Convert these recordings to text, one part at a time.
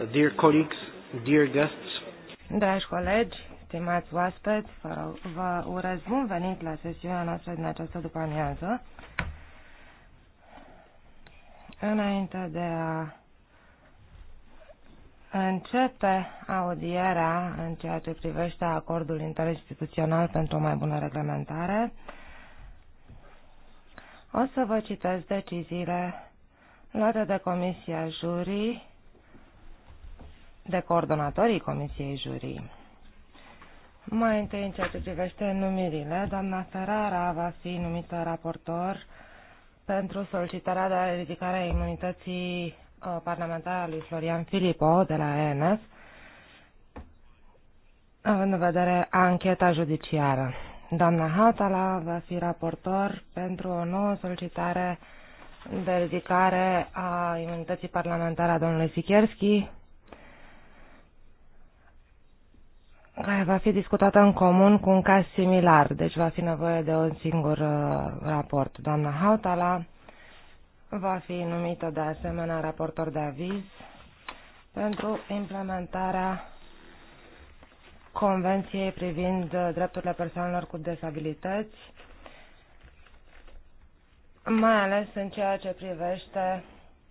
Dear colleagues, dear guests. Dragi colegi, stimați oaspeți, vă, vă urez bun venit la sesiunea noastră din această după-amiază. Înainte de a începe audierea în ceea ce privește acordul interinstituțional pentru o mai bună reglementare, o să vă citesc deciziile luate de Comisia Jurii de coordonatorii Comisiei Jurii. Mai întâi, în ceea ce privește numirile, doamna Ferrara va fi numită raportor pentru solicitarea de ridicare a imunității uh, parlamentare a lui Florian Filipo de la ENF, având în vedere ancheta judiciară. Doamna Hatala va fi raportor pentru o nouă solicitare de ridicare a imunității parlamentare a domnului Sikierski va fi discutată în comun cu un caz similar, deci va fi nevoie de un singur uh, raport. Doamna Hautala va fi numită de asemenea raportor de aviz pentru implementarea Convenției privind uh, drepturile persoanelor cu dezabilități, mai ales în ceea ce privește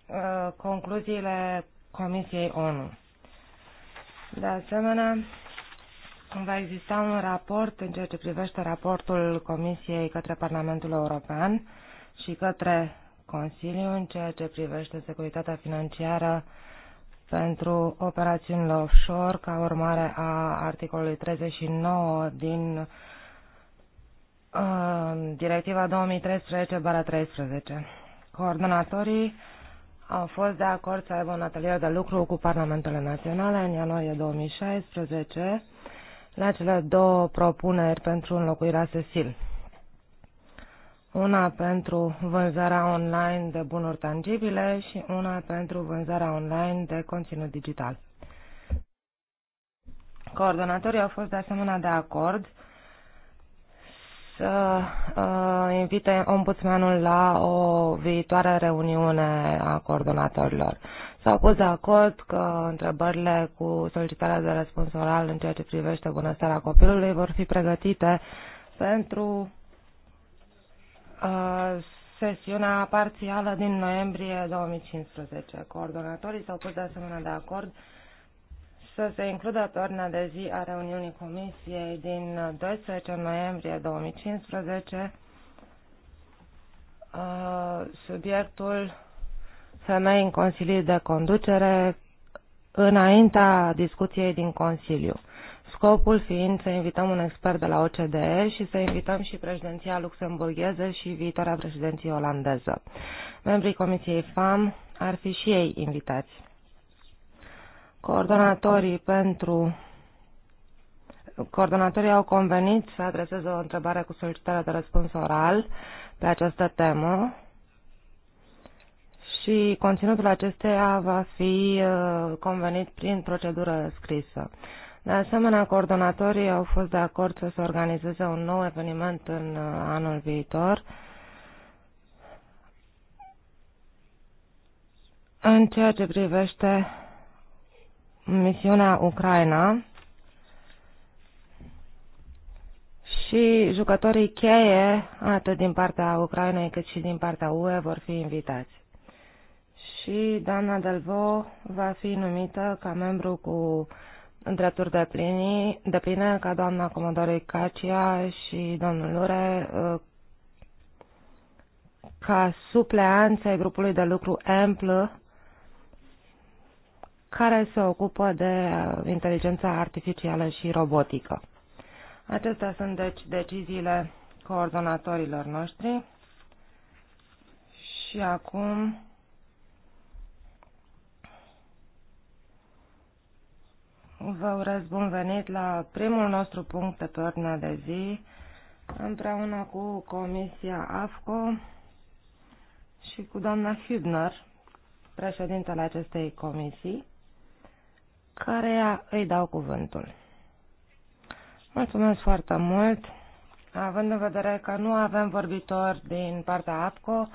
uh, concluziile Comisiei ONU. De asemenea, va exista un raport în ceea ce privește raportul Comisiei către Parlamentul European și către Consiliu în ceea ce privește securitatea financiară pentru operațiunile offshore ca urmare a articolului 39 din uh, Directiva 2013-13. Coordonatorii au fost de acord să aibă un atelier de lucru cu Parlamentele Naționale în ianuarie 2016 la cele două propuneri pentru înlocuirea Cecil. Una pentru vânzarea online de bunuri tangibile și una pentru vânzarea online de conținut digital. Coordonatorii au fost de asemenea de acord să uh, invite ombudsmanul la o viitoare reuniune a coordonatorilor. S-au pus de acord că întrebările cu solicitarea de răspuns oral în ceea ce privește bunăstarea copilului vor fi pregătite pentru uh, sesiunea parțială din noiembrie 2015. Coordonatorii s-au pus de asemenea de acord să se includă pe de zi a reuniunii comisiei din 12 noiembrie 2015 uh, subiectul femei în Consilii de Conducere înaintea discuției din Consiliu. Scopul fiind să invităm un expert de la OCDE și să invităm și președinția luxemburgheză și viitoarea președinție olandeză. Membrii Comisiei FAM ar fi și ei invitați. Coordonatorii pentru coordonatorii au convenit să adreseze o întrebare cu solicitarea de răspuns oral pe această temă și conținutul acesteia va fi uh, convenit prin procedură scrisă. De asemenea, coordonatorii au fost de acord să se organizeze un nou eveniment în uh, anul viitor, În ceea ce privește misiunea Ucraina și jucătorii cheie, atât din partea Ucrainei cât și din partea UE, vor fi invitați și doamna Delvo va fi numită ca membru cu drepturi de, plini, de pline ca doamna comandorului Cacia și domnul Lure uh, ca supleanțe grupului de lucru amplu care se ocupă de uh, inteligența artificială și robotică. Acestea sunt deci deciziile coordonatorilor noștri și acum Vă urez bun venit la primul nostru punct pe pe ordinea de zi, împreună cu Comisia AFCO și cu doamna Hübner, președintele acestei comisii, care îi dau cuvântul. Mulțumesc foarte mult! Având în vedere că nu avem vorbitori din partea APCO,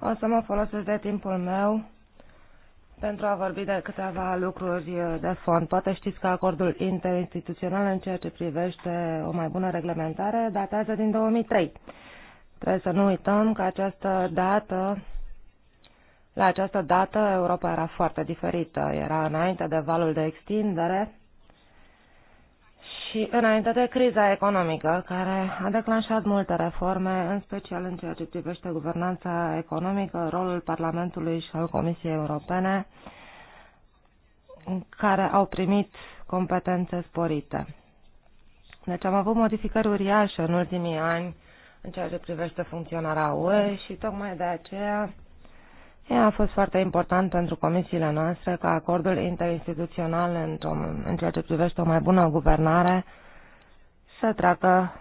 o să mă folosesc de timpul meu pentru a vorbi de câteva lucruri de fond. Poate știți că acordul interinstituțional în ceea ce privește o mai bună reglementare datează din 2003. Trebuie să nu uităm că această dată, la această dată Europa era foarte diferită. Era înainte de valul de extindere și înainte de criza economică, care a declanșat multe reforme, în special în ceea ce privește guvernanța economică, rolul Parlamentului și al Comisiei Europene, care au primit competențe sporite. Deci am avut modificări uriașe în ultimii ani în ceea ce privește funcționarea UE și tocmai de aceea ea a fost foarte important pentru comisiile noastre ca acordul interinstituțional în ceea ce privește o mai bună guvernare să treacă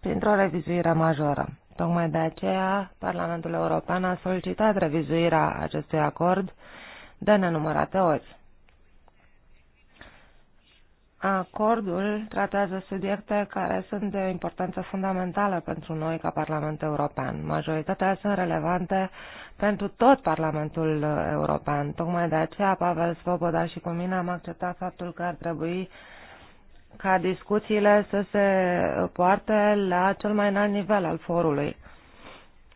printr-o revizuire majoră. Tocmai de aceea, Parlamentul European a solicitat revizuirea acestui acord de nenumărate ori. Acordul tratează subiecte care sunt de importanță fundamentală pentru noi ca Parlament European. Majoritatea sunt relevante pentru tot Parlamentul European. Tocmai de aceea Pavel Svoboda și cu mine am acceptat faptul că ar trebui ca discuțiile să se poarte la cel mai înalt nivel al forului.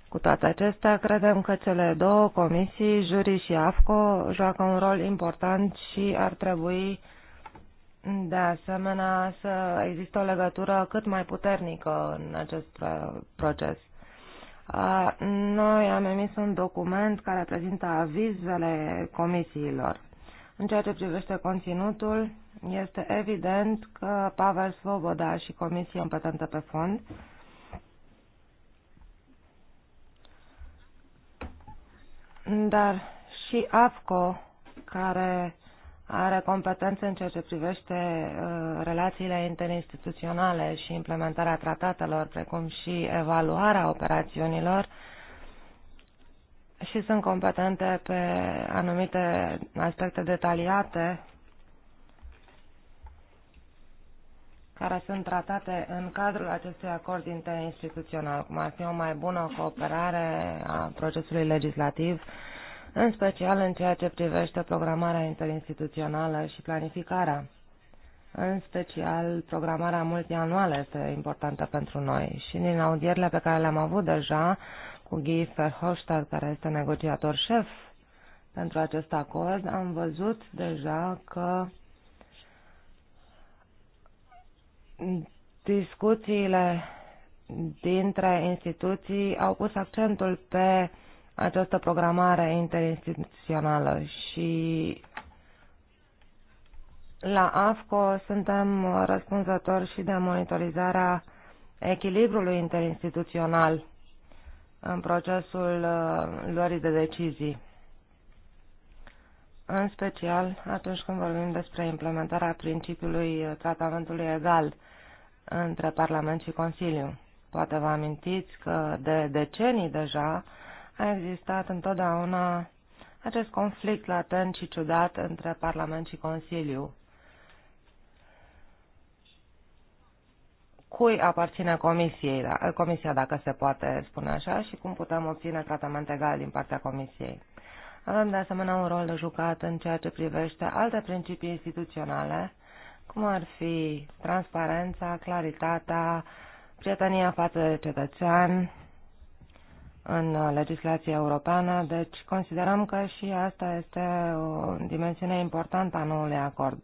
Cu toate acestea, credem că cele două comisii, juri și AFCO, joacă un rol important și ar trebui de asemenea, să există o legătură cât mai puternică în acest proces. Noi am emis un document care prezintă avizele comisiilor. În ceea ce privește conținutul, este evident că Pavel Svoboda și Comisia Împătentă pe Fond dar și AFCO, care are competențe în ceea ce privește uh, relațiile interinstituționale și implementarea tratatelor, precum și evaluarea operațiunilor și sunt competente pe anumite aspecte detaliate care sunt tratate în cadrul acestui acord interinstituțional, cum ar fi o mai bună cooperare a procesului legislativ uh, în special în ceea ce privește programarea interinstituțională și planificarea. În special, programarea multianuală este importantă pentru noi și din audierile pe care le-am avut deja cu Guy Verhofstadt, care este negociator șef pentru acest acord, am văzut deja că discuțiile dintre instituții au pus accentul pe uh, această programare interinstituțională și la AFCO suntem răspunzători și de monitorizarea echilibrului interinstituțional în procesul uh, luării de decizii, în special atunci când vorbim despre implementarea principiului uh, tratamentului egal între Parlament și Consiliu. Poate vă amintiți că de decenii deja a existat întotdeauna acest conflict latent și ciudat între Parlament și Consiliu. Cui aparține comisiei, da, comisia, dacă se poate spune așa, și cum putem obține tratament egal din partea comisiei. Avem de asemenea un rol de jucat în ceea ce privește alte principii instituționale, cum ar fi transparența, claritatea, prietenia față de cetățean, în legislația europeană, deci considerăm că și asta este o dimensiune importantă a noului acord.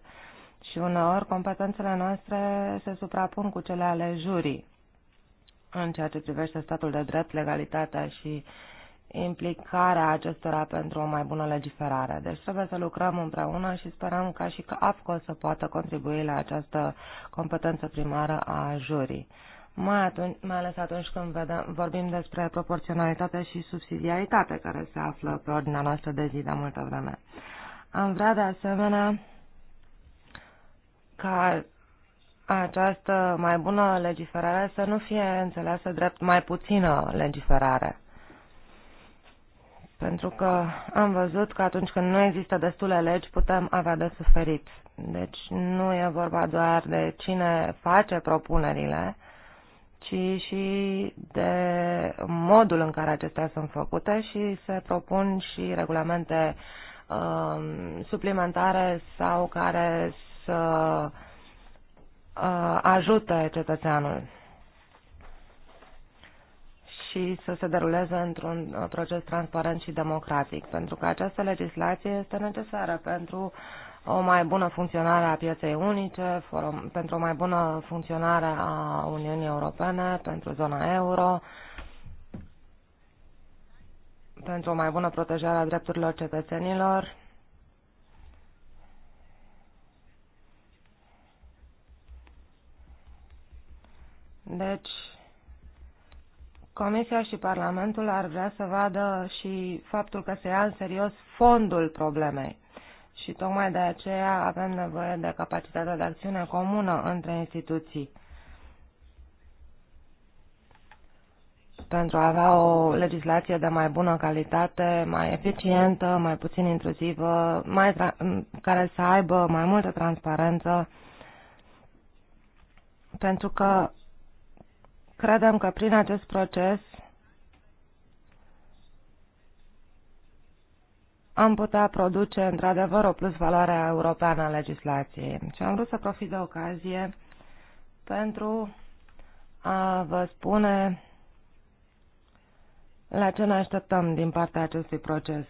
Și uneori competențele noastre se suprapun cu cele ale jurii în ceea ce privește statul de drept, legalitatea și implicarea acestora pentru o mai bună legiferare. Deci trebuie să lucrăm împreună și sperăm ca și că AFCO să poată contribui la această competență primară a jurii mai, atunci, mai ales atunci când vedem, vorbim despre proporționalitate și subsidiaritate, care se află pe ordinea noastră de zi de multă vreme. Am vrea de asemenea ca această mai bună legiferare să nu fie înțeleasă drept mai puțină legiferare. Pentru că am văzut că atunci când nu există destule legi, putem avea de suferit. Deci nu e vorba doar de cine face propunerile, ci și de modul în care acestea sunt făcute și se propun și regulamente uh, suplimentare sau care să uh, ajute cetățeanul și să se deruleze într-un proces transparent și democratic, pentru că această legislație este necesară pentru uh, o mai bună funcționare a pieței unice, pentru o mai bună funcționare a Uniunii Europene, pentru zona euro, pentru o mai bună protejare a drepturilor cetățenilor, Deci, Comisia și Parlamentul ar vrea să vadă și faptul că se ia în serios fondul problemei. Și tocmai de aceea avem nevoie de capacitatea de acțiune comună între instituții. pentru a avea o legislație de mai bună calitate, mai eficientă, mai puțin intruzivă, mai care să aibă mai multă transparență, pentru că credem că prin acest proces am putea produce într-adevăr o plusvaloare europeană a legislației. Și am vrut să profit de ocazie pentru a vă spune la ce ne așteptăm din partea acestui proces.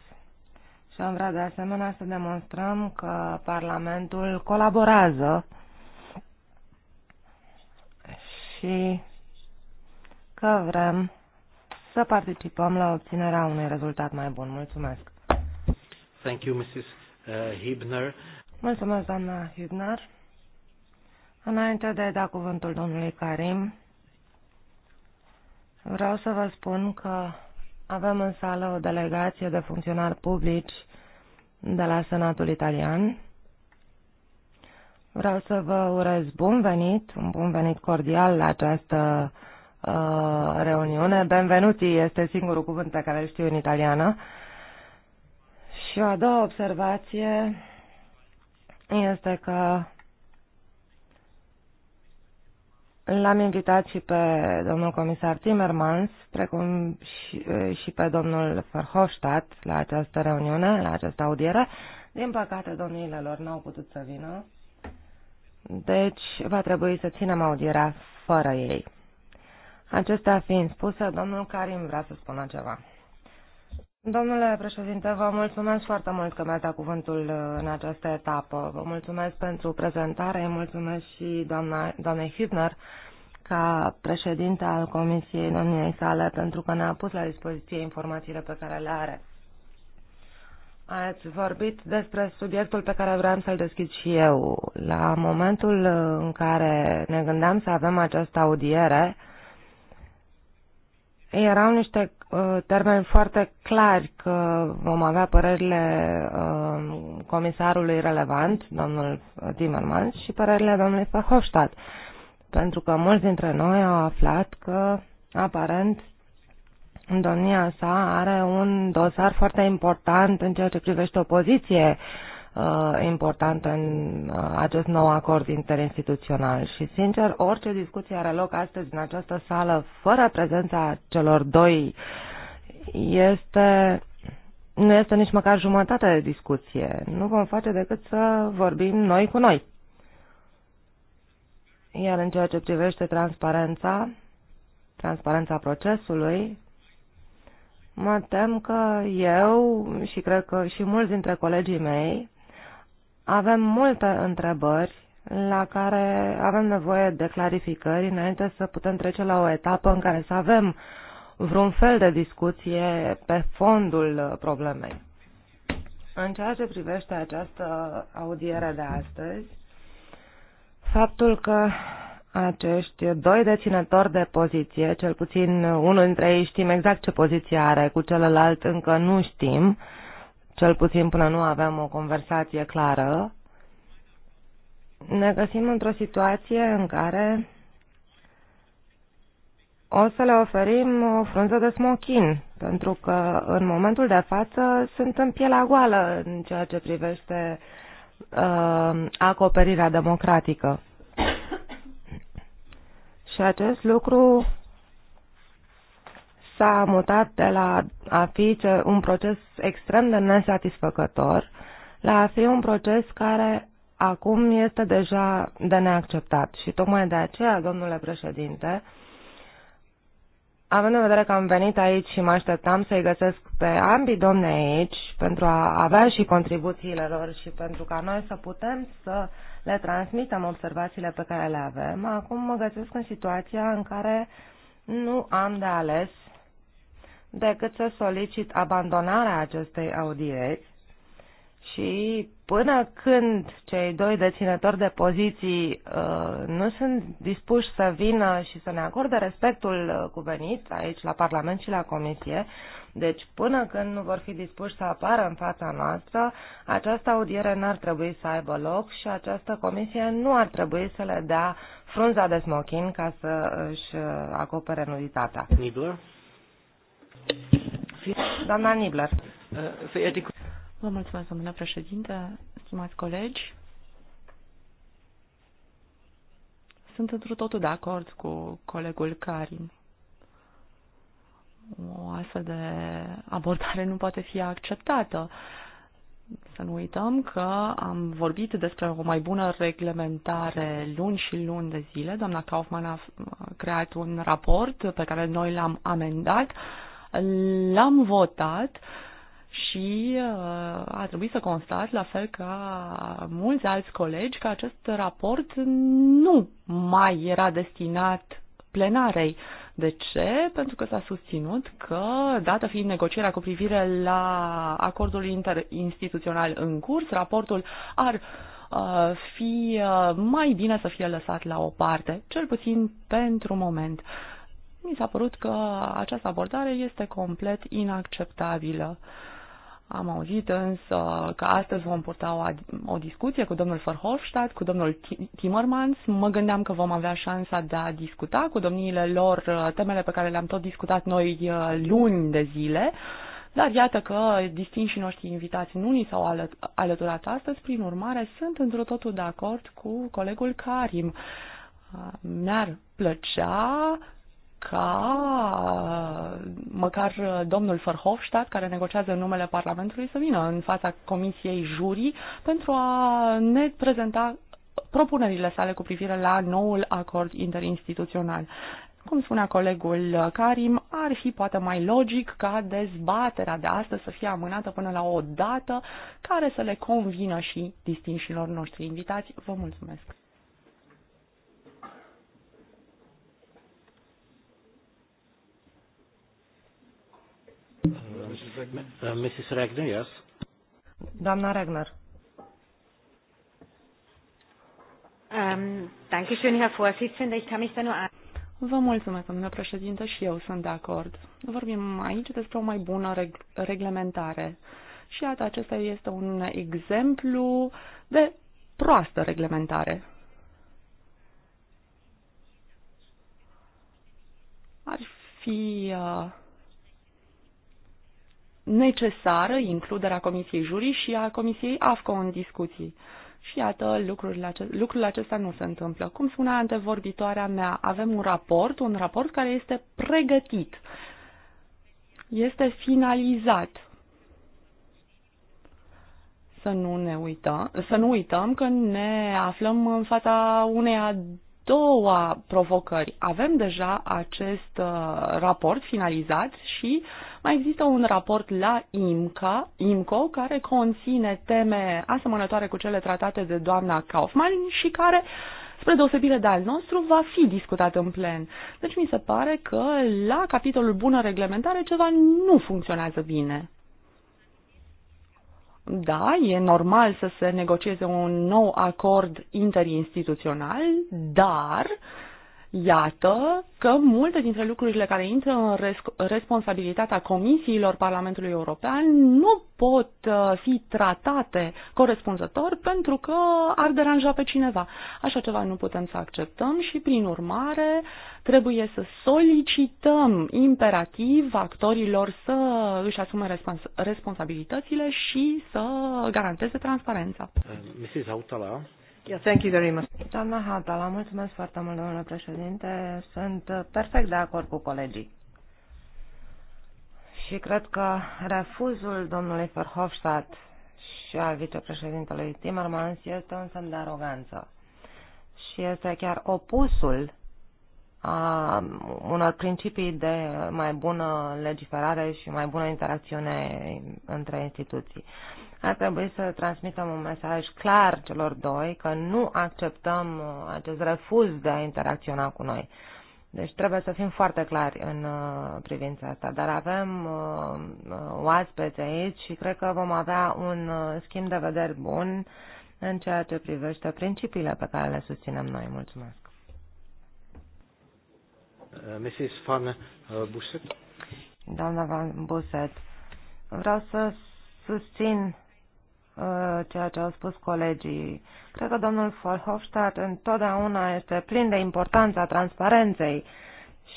Și am vrea de asemenea să demonstrăm că Parlamentul colaborează și că vrem să participăm la obținerea unui rezultat mai bun. Mulțumesc! Thank you, Mrs. Uh, Hibner. Mulțumesc, doamna Hibner. Înainte de a da cuvântul domnului Karim, vreau să vă spun că avem în sală o delegație de funcționari publici de la Senatul Italian. Vreau să vă urez bun venit, un bun venit cordial la această uh, reuniune. Benvenuti este singurul cuvânt pe care îl știu în italiană. Uh, și o a doua observație este că L-am invitat și pe domnul comisar Timmermans, precum și, eh, și pe domnul Verhofstadt la această reuniune, la această audiere. Din păcate, domniile lor n-au putut să vină, deci va trebui să ținem audierea fără ei. Acestea fiind spuse, domnul Karim vrea să spună ceva. Domnule președinte, vă mulțumesc foarte mult că mi-ați dat cuvântul uh, în această etapă. Vă mulțumesc pentru prezentare, mulțumesc și doamna, doamnei Hübner ca președinte al Comisiei Domniei sale pentru că ne-a pus la dispoziție informațiile pe care le are. Ați vorbit despre subiectul pe care vreau să-l deschid și eu. La momentul uh, în care ne gândeam să avem această audiere, erau niște Uh, termeni foarte clari că vom avea părerile uh, comisarului relevant, domnul Timmermans, și părerile domnului Verhofstadt. Pentru că mulți dintre noi au aflat că, aparent, domnia sa are un dosar foarte important în ceea ce privește opoziție uh, Uh, importantă în uh, acest nou acord interinstituțional. Și, sincer, orice discuție are loc astăzi în această sală, fără prezența celor doi, este nu este nici măcar jumătate de discuție. Nu vom face decât să vorbim noi cu noi. Iar în ceea ce privește transparența, transparența procesului, mă tem că eu și cred că și mulți dintre colegii mei avem multe întrebări la care avem nevoie de clarificări înainte să putem trece la o etapă în care să avem vreun fel de discuție pe fondul problemei. În ceea ce privește această audiere de astăzi, faptul că acești doi deținători de poziție, cel puțin unul dintre ei știm exact ce poziție are, cu celălalt încă nu știm, uh, cel puțin până nu avem o conversație clară, ne găsim într-o situație în care o să le oferim o frunză de smochin, pentru că în momentul de față sunt în pielea goală în ceea ce privește uh, acoperirea democratică. Și acest lucru s-a mutat de la a fi un proces extrem de nesatisfăcător la a fi un proces care acum este deja de neacceptat. Și tocmai de aceea, domnule președinte, având în vedere că am venit aici și mă așteptam să-i găsesc pe ambii domne aici pentru a avea și contribuțiile lor și pentru ca noi să putem să le transmitem observațiile pe care le avem, acum mă găsesc în situația în care nu am de ales decât să solicit abandonarea acestei audieri și până când cei doi deținători de poziții uh, nu sunt dispuși să vină și să ne acorde respectul uh, cuvenit aici la Parlament și la Comisie, deci până când nu vor fi dispuși să apară în fața noastră, această audiere n-ar trebui să aibă loc și această comisie nu ar trebui să le dea frunza de smochin ca să își uh, acopere nuditatea. Nibler? Doamna Nibler. Vă mulțumesc, domnule președinte, stimați colegi. Sunt într totul de acord cu colegul Karim. O astfel de abordare nu poate fi acceptată. Să nu uităm că am vorbit despre o mai bună reglementare luni și luni de zile. Doamna Kaufman a creat un raport pe care noi l-am amendat. Uh, l-am votat și uh, a trebuit să constat, la fel ca mulți alți colegi, că acest raport nu mai era destinat plenarei. De ce? Pentru că s-a susținut că, dată fiind negocierea cu privire la acordul interinstituțional în curs, raportul ar uh, fi uh, mai bine să fie lăsat la o parte, cel puțin pentru moment mi s-a părut că această abordare este complet inacceptabilă. Am auzit însă că astăzi vom purta o, o discuție cu domnul Verhofstadt, cu domnul Timmermans. Mă gândeam că vom avea șansa de a discuta cu domniile lor uh, temele pe care le-am tot discutat noi uh, luni de zile. Dar iată că distinșii noștri invitați nu ni s-au alăturat astăzi, prin urmare sunt într totul de acord cu colegul Karim. Mi-ar uh, plăcea ca măcar domnul Verhofstadt, care negociază în numele Parlamentului, să vină în fața Comisiei Jurii pentru a ne prezenta propunerile sale cu privire la noul acord interinstituțional. Cum spunea colegul Karim, ar fi poate mai logic ca dezbaterea de astăzi să fie amânată până la o dată care să le convină și distinșilor noștri invitați. Vă mulțumesc! Uh, Mrs. Regner, yes. Doamna Regner. Um, da Vă mulțumesc, domnule președinte, și eu sunt de acord. Vorbim aici despre o mai bună reg- reglementare. Și iată, acesta este un exemplu de proastă reglementare. Ar fi uh, necesară includerea Comisiei Jurii și a Comisiei AFCO în discuții. Și iată, lucrurile acestea, lucrurile acesta nu se întâmplă. Cum spunea antevorbitoarea mea, avem un raport, un raport care este pregătit, este finalizat. Să nu, ne uităm, să nu uităm că ne aflăm în fața unei a doua provocări. Avem deja acest uh, raport finalizat și uh, mai există un raport la IMCA, IMCO care conține teme asemănătoare cu cele tratate de doamna Kaufman și care spre deosebire de al nostru, va fi discutat în plen. Deci mi se pare că la capitolul bună reglementare ceva nu funcționează bine. Da, e normal să se negocieze un nou acord interinstituțional, dar uh, Iată că multe dintre lucrurile care intră în res- responsabilitatea comisiilor Parlamentului European nu pot uh, fi tratate corespunzător pentru că ar deranja pe cineva. Așa ceva nu putem să acceptăm și, prin urmare, trebuie să solicităm imperativ actorilor să își asume respons- responsabilitățile și să garanteze transparența. Mrs. Autala, Yeah, thank you very much. Doamna Hatala, mulțumesc foarte mult, domnule președinte. Sunt perfect de acord cu colegii. Și cred că refuzul domnului Verhofstadt și al vicepreședintelui Timmermans este un semn de aroganță. Și este chiar opusul a unor principii de mai bună legiferare și mai bună interacțiune între instituții. Ar trebui să transmitem un mesaj clar celor doi că nu acceptăm uh, acest refuz de a interacționa cu noi. Deci trebuie să fim foarte clari în uh, privința asta, dar avem uh, oaspeți aici și cred că vom avea un schimb de vederi bun în ceea ce privește principiile pe care le susținem noi. Mulțumesc. Mrs. Van Busset. Doamna Van Busset, vreau să susțin Uh, ceea ce au spus colegii. Cred că domnul Verhofstadt întotdeauna este plin de importanța transparenței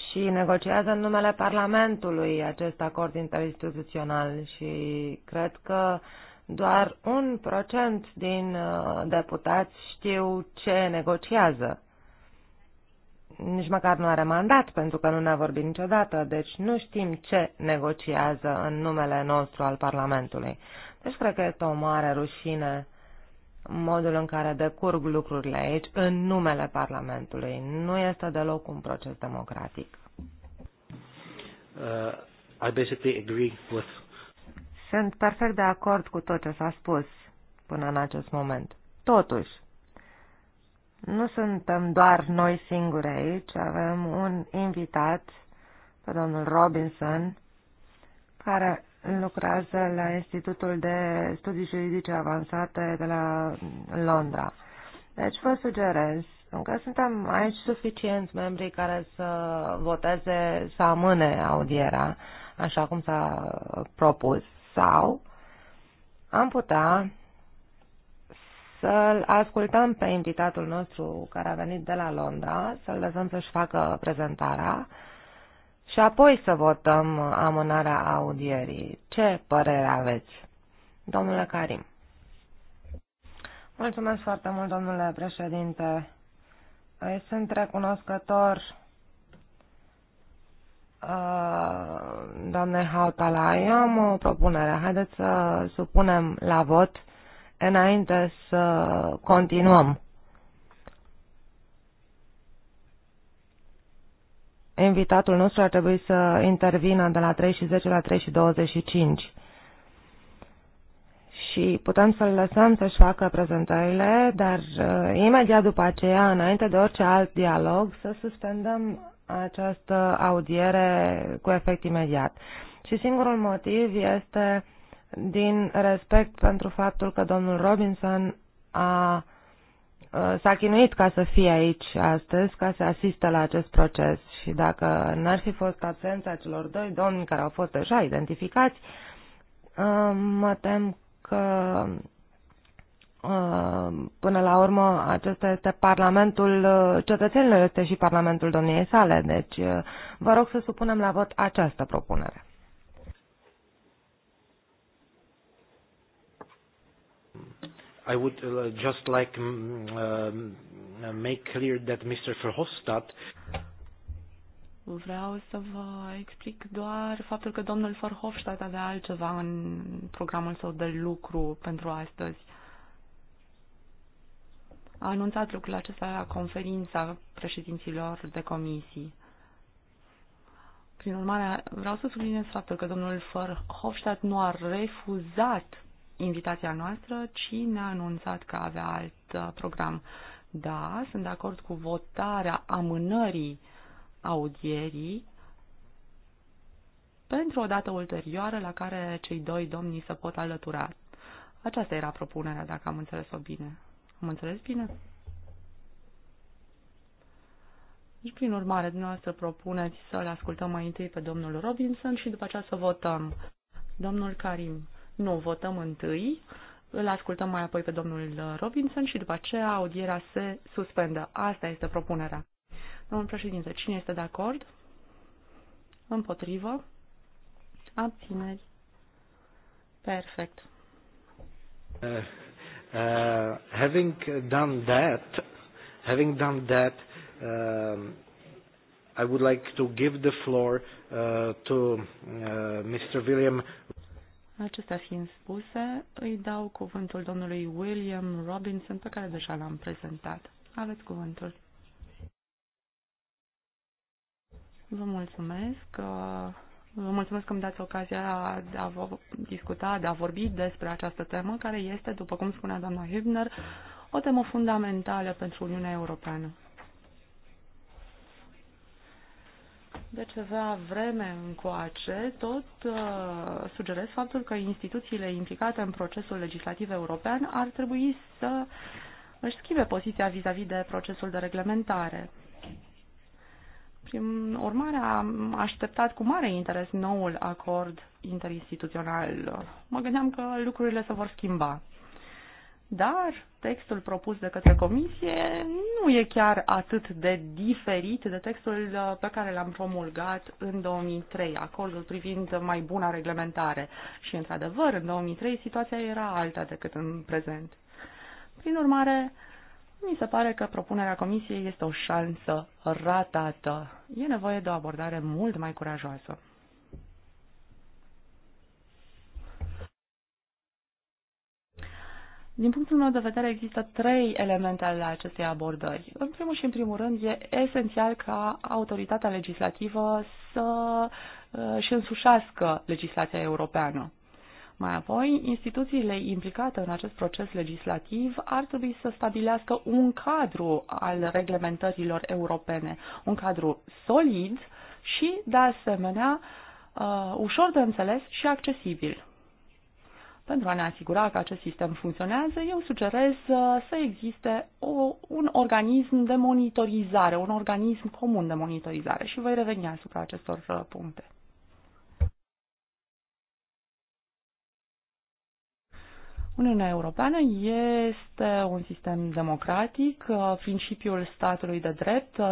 și negociază în numele Parlamentului acest acord interinstituțional și cred că doar un procent din uh, deputați știu ce negociază. Nici măcar nu are mandat, pentru că nu ne-a vorbit niciodată, deci nu știm ce negociază în numele nostru al Parlamentului. Deci cred că este o mare rușine modul în care decurg lucrurile aici în numele Parlamentului. Nu este deloc un proces democratic. Uh, I basically agree with... Sunt perfect de acord cu tot ce s-a spus până în acest moment. Totuși, nu suntem doar noi singuri aici, avem un invitat pe domnul Robinson, care lucrează la Institutul de Studii Juridice Avansate de la Londra. Deci vă sugerez încă suntem aici suficienți membrii care să voteze să amâne audiera, așa cum s-a propus, sau am putea să-l ascultăm pe invitatul nostru care a venit de la Londra, să-l lăsăm să-și facă prezentarea și apoi să votăm amânarea audierii. Ce părere aveți, domnule Karim? Mulțumesc foarte mult, domnule președinte. Îi sunt recunoscător uh, doamne Hautala, eu am o propunere. Haideți să supunem la vot înainte să continuăm invitatul nostru ar trebui să intervină de la 3 și 10 la 3 și 25. Și putem să-l lăsăm să-și facă prezentările, dar uh, imediat după aceea, înainte de orice alt dialog, să suspendăm această audiere cu efect imediat. Și singurul motiv este din respect pentru faptul că domnul Robinson a Uh, s-a chinuit ca să fie aici astăzi, ca să asiste la acest proces și dacă n-ar fi fost absența celor doi domni care au fost deja identificați, uh, mă tem că uh, până la urmă acesta este Parlamentul cetățenilor, este și Parlamentul domniei sale, deci vă rog să supunem la vot această propunere. I would uh, just like um, uh, make clear that Mr. Verhofstadt Vreau să vă explic doar faptul că domnul Verhofstadt avea altceva în programul său de lucru pentru astăzi. A anunțat lucrul acesta la conferința președinților de comisii. Prin urmare, vreau să subliniez faptul că domnul Verhofstadt nu a refuzat invitația noastră, ci ne-a anunțat că avea alt uh, program. Da, sunt de acord cu votarea amânării audierii pentru o dată ulterioară la care cei doi domni se pot alătura. Aceasta era propunerea, dacă am înțeles-o bine. Am înțeles bine? Și deci, prin urmare, dumneavoastră propuneți să-l ascultăm mai întâi pe domnul Robinson și după aceea să votăm. Domnul Karim. Nu, votăm întâi, îl ascultăm mai apoi pe domnul uh, Robinson și după aceea audierea se suspendă. Asta este propunerea. Domnul președinte, cine este de acord? Împotrivă? Abțineri? Perfect. Uh, uh, having done that, having done that, uh, I would like to give the floor uh, to uh, Mr. William Acestea fiind spuse, îi dau cuvântul domnului William Robinson, pe care deja l-am prezentat. Aveți cuvântul. Vă mulțumesc. Vă mulțumesc că îmi dați ocazia de a vă discuta, de a vorbi despre această temă, care este, după cum spunea doamna Hübner, o temă fundamentală pentru Uniunea Europeană. de ceva vreme încoace, tot uh, sugerez faptul că instituțiile implicate în procesul legislativ european ar trebui să își schimbe poziția vis-a-vis -vis de procesul de reglementare. Prin urmare, am așteptat cu mare interes noul acord interinstituțional. Mă gândeam că lucrurile se vor schimba dar textul propus de către comisie nu e chiar atât de diferit de textul uh, pe care l-am promulgat în 2003, acordul privind mai buna reglementare. Și, într-adevăr, în 2003 situația era alta decât în prezent. Prin urmare, mi se pare că propunerea comisiei este o șansă ratată. E nevoie de o abordare mult mai curajoasă. Din punctul meu de vedere, există trei elemente ale acestei abordări. În primul și în primul rând, e esențial ca autoritatea legislativă să uh, și însușească legislația europeană. Mai apoi, instituțiile implicate în acest proces legislativ ar trebui să stabilească un cadru al reglementărilor europene, un cadru solid și, de asemenea, uh, ușor de înțeles și accesibil. Pentru a ne asigura că acest sistem funcționează, eu sugerez uh, să existe o, un organism de monitorizare, un organism comun de monitorizare și voi reveni asupra acestor uh, puncte. Uniunea Europeană este un sistem democratic, uh, principiul statului de drept uh,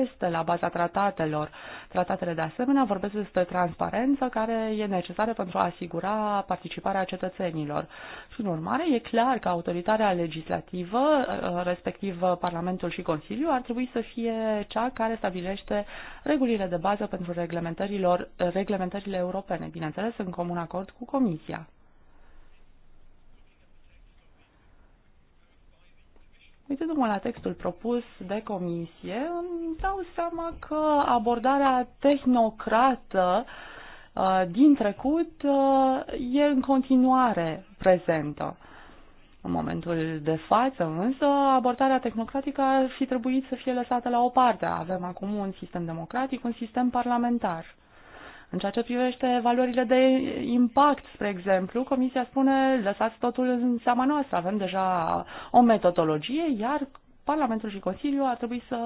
este la baza tratatelor. Tratatele de asemenea vorbesc despre transparență care e necesară pentru a asigura participarea cetățenilor. Și în urmare, e clar că autoritatea legislativă, uh, respectiv Parlamentul și Consiliul, ar trebui să fie cea care stabilește regulile de bază pentru reglementările europene, bineînțeles în comun acord cu Comisia. Uitându-mă la textul propus de comisie, îmi dau seama că abordarea tehnocrată uh, din trecut uh, e în continuare prezentă. În momentul de față, însă, abordarea tehnocratică ar fi trebuit să fie lăsată la o parte. Avem acum un sistem democratic, un sistem parlamentar. În ceea ce privește valorile de impact, spre exemplu, Comisia spune lăsați totul în seama noastră, avem deja o metodologie, iar Parlamentul și Consiliul ar trebui să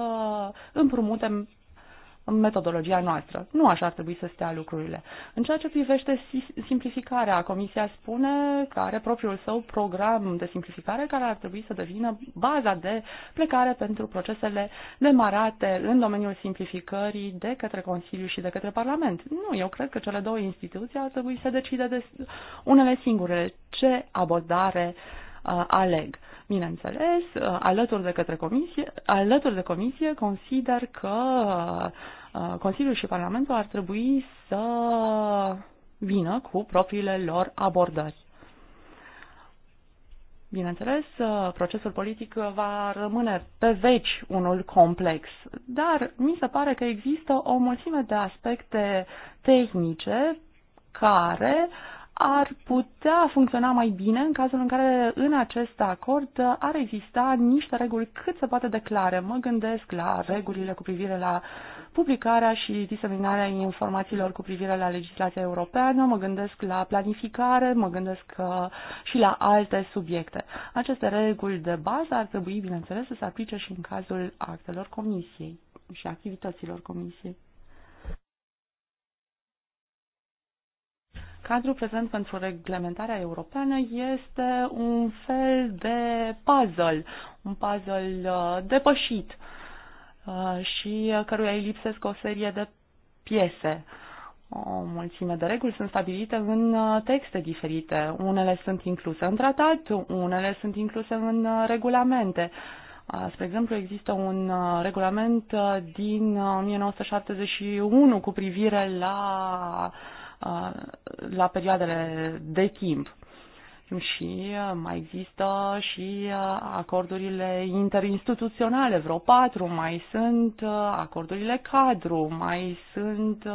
împrumutem metodologia noastră. Nu așa ar trebui să stea lucrurile. În ceea ce privește simplificarea, Comisia spune că are propriul său program de simplificare care ar trebui să devină baza de plecare pentru procesele demarate în domeniul simplificării de către Consiliu și de către Parlament. Nu, eu cred că cele două instituții ar trebui să decide de unele singure ce abordare uh, aleg. Bineînțeles, uh, alături de către comisie, alături de comisie consider că uh, Uh, Consiliul și Parlamentul ar trebui să vină cu propriile lor abordări. Bineînțeles, uh, procesul politic va rămâne pe veci unul complex, dar mi se pare că există o mulțime de aspecte tehnice care uh, ar putea funcționa mai bine în cazul în care în acest acord ar exista niște reguli cât se poate de clare. Mă gândesc la regulile cu privire la publicarea și diseminarea informațiilor cu privire la legislația europeană, mă gândesc la planificare, mă gândesc uh, și la alte subiecte. Aceste reguli de bază ar trebui, bineînțeles, să se aplice și în cazul actelor comisiei și activităților comisiei. Cadrul prezent pentru reglementarea europeană este un fel de puzzle, un puzzle uh, depășit uh, și căruia îi lipsesc o serie de piese. O mulțime de reguli sunt stabilite în uh, texte diferite. Unele sunt incluse în tratat, unele sunt incluse în regulamente. Spre exemplu, există un regulament din 1971 cu privire la uh, la perioadele de timp. Și mai există și acordurile interinstituționale, vreo patru, mai sunt acordurile cadru, mai sunt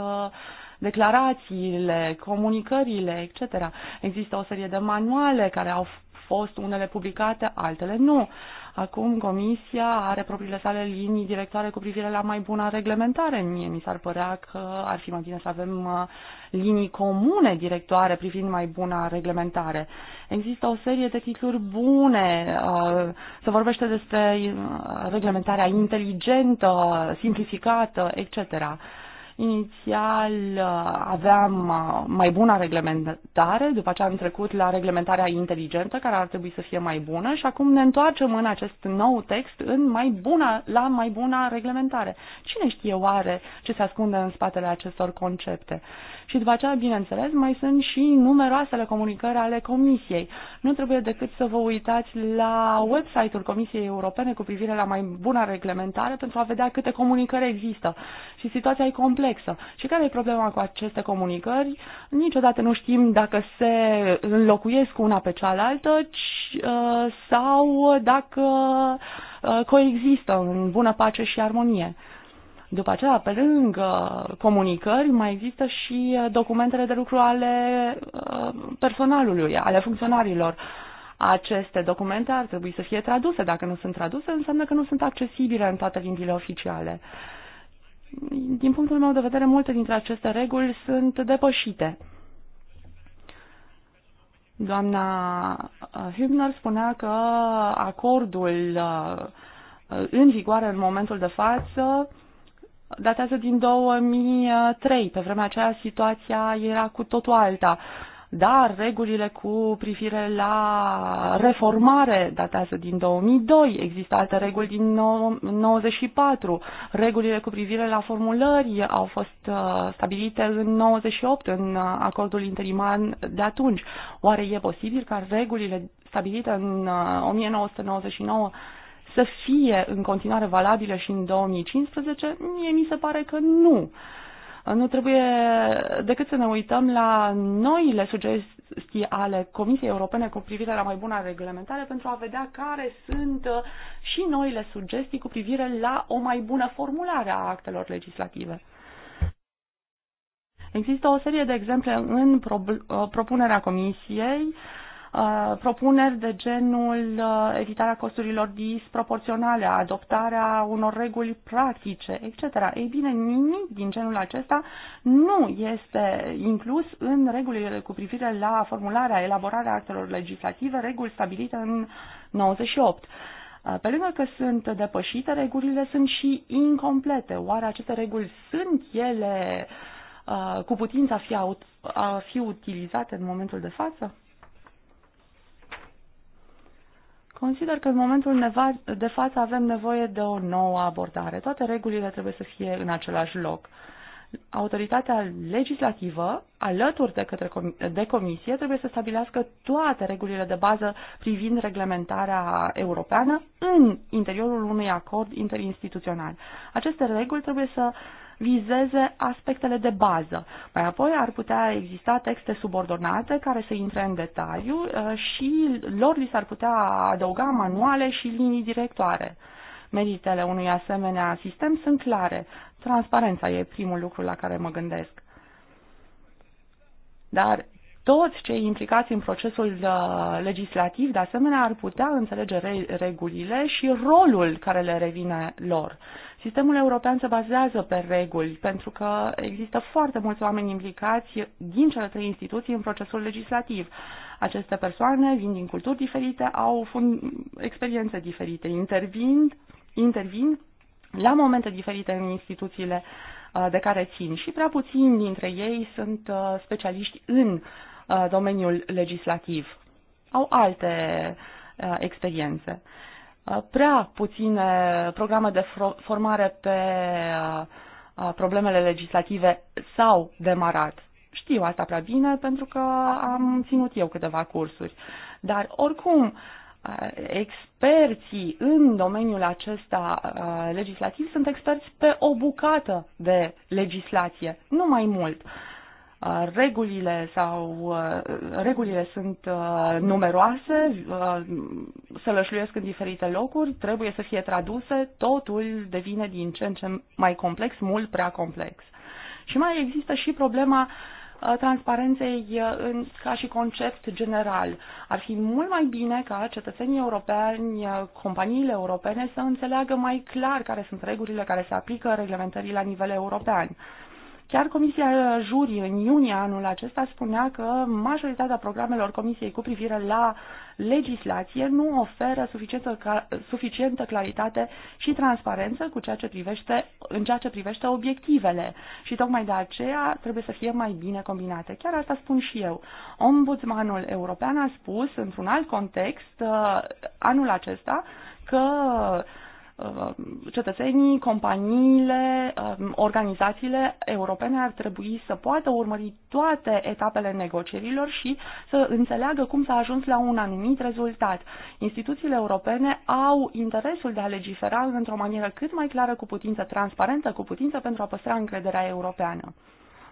declarațiile, comunicările, etc. Există o serie de manuale care au fost unele publicate, altele nu. Uh, Acum Comisia are propriile sale linii directoare cu privire la mai bună reglementare. Mie mi s-ar părea că ar fi mai bine să avem uh, linii comune directoare privind mai bună reglementare. Există o serie de titluri bune, uh, se vorbește despre uh, reglementarea inteligentă, simplificată, etc. Inițial uh, aveam uh, mai bună reglementare, după ce am trecut la reglementarea inteligentă, care ar trebui să fie mai bună și acum ne întoarcem în acest nou text în mai bună, la mai bună reglementare. Cine știe oare ce se ascunde în spatele acestor concepte? Și după aceea, bineînțeles, mai sunt și numeroasele comunicări ale Comisiei. Nu trebuie decât să vă uitați la website-ul Comisiei Europene cu privire la mai bună reglementare pentru a vedea câte comunicări există. Și situația e complexă. Și care e problema cu aceste comunicări? Niciodată nu știm dacă se înlocuiesc una pe cealaltă uh, sau dacă uh, coexistă în bună pace și armonie. După aceea, pe lângă comunicări, mai există și documentele de lucru ale uh, personalului, ale funcționarilor. Aceste documente ar trebui să fie traduse. Dacă nu sunt traduse, înseamnă că nu sunt accesibile în toate limbile oficiale. Din punctul meu de vedere, multe dintre aceste reguli sunt depășite. Doamna uh, Hübner spunea că acordul uh, în vigoare în momentul de față datează din 2003. Pe vremea aceea situația era cu totul alta. Dar regulile cu privire la reformare datează din 2002, există alte reguli din 94, regulile cu privire la formulări au fost uh, stabilite în 98 în acordul interiman de atunci. Oare e posibil ca regulile stabilite în 1999 uh, să fie în continuare valabile și în 2015? Mie mi se pare că nu. Nu trebuie decât să ne uităm la noile sugestii ale Comisiei Europene cu privire la mai bună reglementare pentru a vedea care sunt uh, și noile sugestii cu privire la o mai bună formulare a actelor legislative. Există o serie de exemple în uh, propunerea Comisiei uh, Uh, propuneri de genul uh, evitarea costurilor disproporționale, adoptarea unor reguli practice, etc. Ei bine, nimic din genul acesta nu este inclus în regulile cu privire la formularea, elaborarea actelor legislative, reguli stabilite în 98. Uh, pe lângă că sunt depășite, regulile sunt și incomplete. Oare aceste reguli sunt ele uh, cu putința fi, a fi utilizate în momentul de față? Consider că în momentul de față avem nevoie de o nouă abordare. Toate regulile trebuie să fie în același loc. Autoritatea legislativă, alături de, către com- de comisie, trebuie să stabilească toate regulile de bază privind reglementarea europeană în interiorul unui acord interinstituțional. Aceste reguli trebuie să uh, vizeze aspectele de bază. Mai apoi ar putea exista texte subordonate care să intre în detaliu uh, și lor li s-ar putea adăuga manuale și linii directoare. Meritele unui asemenea sistem sunt clare. Transparența e primul lucru la care mă gândesc. Dar toți cei implicați în procesul uh, legislativ, de asemenea, ar putea înțelege regulile și rolul care le revine lor. Sistemul european se bazează pe reguli, pentru că există foarte mulți oameni implicați din cele trei instituții în procesul legislativ. Aceste persoane vin din culturi diferite, au experiențe diferite, intervin, intervin la momente diferite în instituțiile uh, de care țin și prea puțini dintre ei sunt uh, specialiști în Uh, domeniul legislativ. Au alte uh, experiențe. Uh, prea puține programe de formare pe problemele legislative s-au demarat. Știu asta prea bine pentru că am ținut eu câteva cursuri. Dar oricum, experții în domeniul acesta legislativ sunt experți pe o bucată de legislație, nu mai mult. Uh, regulile sau uh, regulile sunt uh, numeroase, uh, se lășluiesc în diferite locuri, trebuie să fie traduse, totul devine din ce în ce mai complex, mult prea complex. Și mai există și problema transparenței în, ca și concept general. Ar fi mult mai bine ca cetățenii europeni, companiile europene să înțeleagă mai clar care sunt regulile care se aplică reglementării la nivel european. Uh, Chiar Comisia Juri în iunie anul acesta spunea că majoritatea programelor Comisiei cu privire la legislație nu oferă suficientă, suficientă claritate și transparență cu ceea ce privește, în ceea ce privește obiectivele și tocmai de aceea trebuie să fie mai bine combinate. Chiar asta spun și eu. Ombudsmanul european a spus într-un alt context uh, anul acesta că Uh, cetățenii, companiile, uh, organizațiile europene ar trebui să poată urmări toate etapele negocierilor și să înțeleagă cum s-a ajuns la un anumit rezultat. Instituțiile europene au interesul de a legifera într-o manieră cât mai clară, cu putință transparentă, cu putință pentru a păstra încrederea europeană.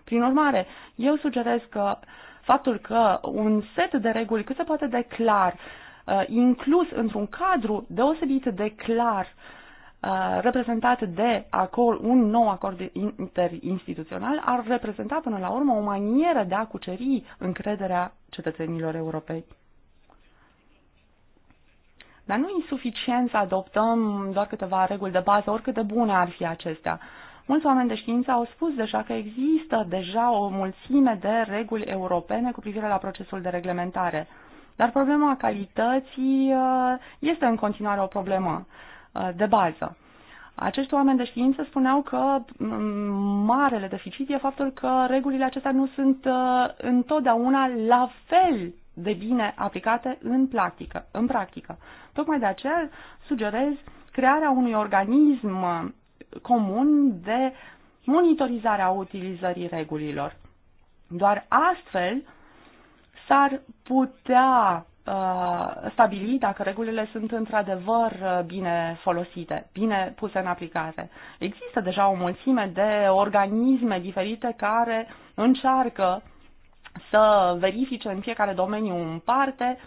Prin urmare, eu sugerez că faptul că un set de reguli cât se poate de clar, uh, inclus într-un cadru deosebit de clar, uh, Uh, reprezentat de acord, un nou acord interinstituțional ar reprezenta până la urmă o manieră de a cuceri încrederea cetățenilor europei. Dar nu e suficient să adoptăm doar câteva reguli de bază, oricât de bune ar fi acestea. Mulți oameni de știință au spus deja că există deja o mulțime de reguli europene cu privire la procesul de reglementare. Dar problema calității uh, este în continuare o problemă. Uh, de bază. Acești oameni de știință spuneau că mm, marele deficit e faptul că regulile acestea nu sunt uh, întotdeauna la fel de bine aplicate în practică. În practică. Tocmai de aceea sugerez crearea unui organism uh, comun de monitorizare a utilizării regulilor. Doar astfel s-ar putea Uh, stabili dacă regulile sunt într-adevăr uh, bine folosite, bine puse în aplicare. Există deja o mulțime de organisme diferite care încearcă să verifice în fiecare domeniu în parte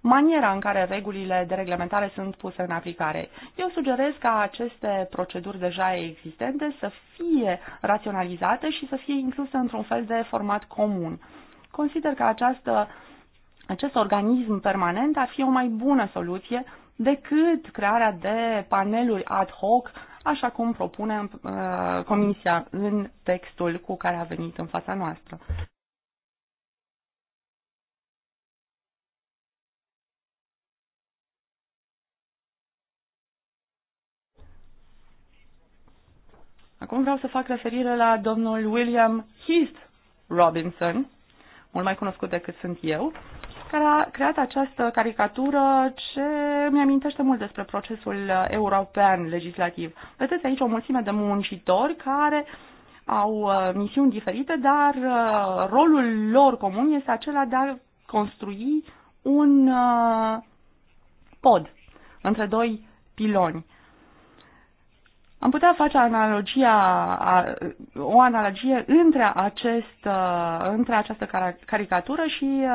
maniera în care regulile de reglementare sunt puse în aplicare. Eu sugerez ca aceste proceduri deja existente să fie raționalizate și să fie incluse într-un fel de format comun. Consider că această uh, acest organism permanent ar fi o mai bună soluție decât crearea de paneluri ad hoc, așa cum propune uh, Comisia în textul cu care a venit în fața noastră. Acum vreau să fac referire la domnul William Heath Robinson, mult mai cunoscut decât sunt eu, care a creat această caricatură ce mi-amintește mult despre procesul european legislativ. Vedeți aici o mulțime de muncitori care au uh, misiuni diferite, dar uh, rolul lor comun este acela de a construi un uh, pod între doi piloni. Am putea face analogia, o analogie între, acest, uh, între această caricatură și uh,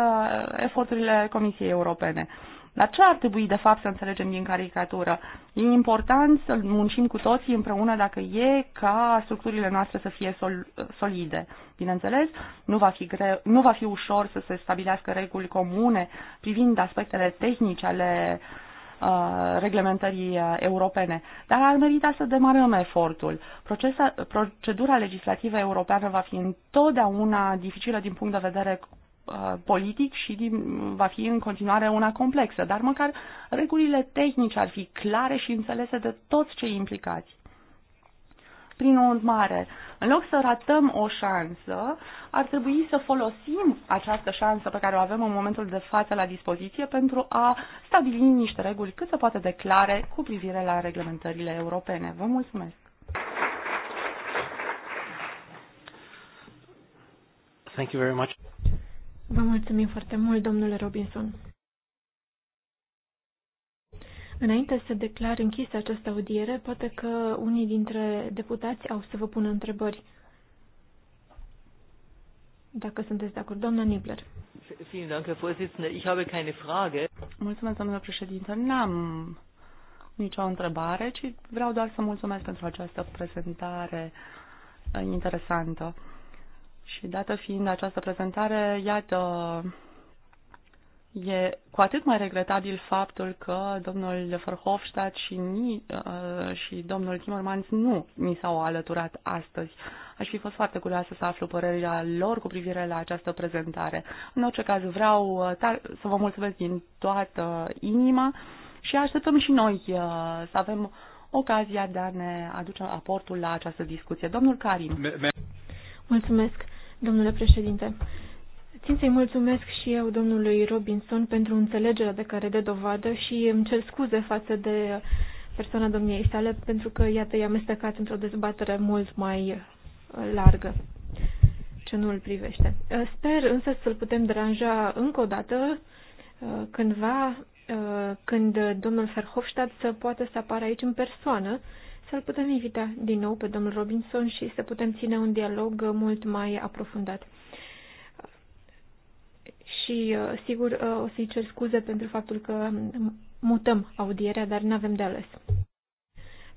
eforturile Comisiei Europene. Dar ce ar trebui, de fapt, să înțelegem din caricatură? E important să muncim cu toții împreună dacă e ca structurile noastre să fie sol, solide. Bineînțeles, nu va, fi greu, nu va fi ușor să se stabilească reguli comune privind aspectele tehnice ale uh, Uh, reglementării uh, europene. Dar ar merita să demarăm efortul. Procesa, procedura legislativă europeană va fi întotdeauna dificilă din punct de vedere uh, politic și din, va fi în continuare una complexă, dar măcar regulile tehnice ar fi clare și înțelese de toți cei implicați. Prin urmare, în loc să ratăm o șansă, ar trebui să folosim această șansă pe care o avem în momentul de față la dispoziție pentru a stabili niște reguli cât se poate declare cu privire la reglementările europene. Vă mulțumesc! Thank you very much. Vă mulțumim foarte mult, domnule Robinson. Înainte să declar închisă această audiere, poate că unii dintre deputați au să vă pună întrebări. Dacă sunteți de acord, doamna Nibler. Mulțumesc, doamna președintă. N-am nicio întrebare, ci vreau doar să mulțumesc pentru această prezentare interesantă. Și dată fiind această prezentare, iată, E cu atât mai regretabil faptul că domnul Verhofstadt și, ni, uh, și domnul Timmermans nu mi s-au alăturat astăzi. Aș fi fost foarte curioasă să aflu părerea lor cu privire la această prezentare. În orice caz, vreau uh, să vă mulțumesc din toată inima și așteptăm și noi uh, să avem ocazia de a ne aduce aportul la această discuție. Domnul Karim. Mulțumesc, domnule președinte. Țin să-i mulțumesc și eu domnului Robinson pentru înțelegerea de care de dovadă și îmi cer scuze față de persoana domniei sale pentru că, iată, i a amestecat într-o dezbatere mult mai uh, largă ce nu îl privește. Uh, sper însă să-l putem deranja încă o dată uh, cândva când domnul Verhofstadt să poată să apară aici în persoană, să-l putem invita din nou pe domnul Robinson și să putem ține un dialog mult mai aprofundat și, uh, sigur, uh, o să-i cer scuze pentru faptul că um, mutăm audierea, dar nu avem de ales.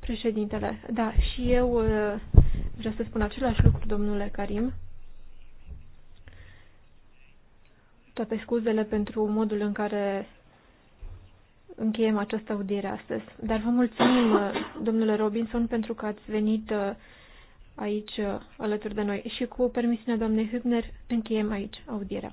Președintele, da, și eu uh, vreau să spun același lucru, domnule Karim. Toate scuzele pentru modul în care încheiem această audiere astăzi. Dar vă mulțumim, domnule Robinson, pentru că ați venit aici alături de noi. Și cu permisiunea doamnei Hübner, încheiem aici audierea.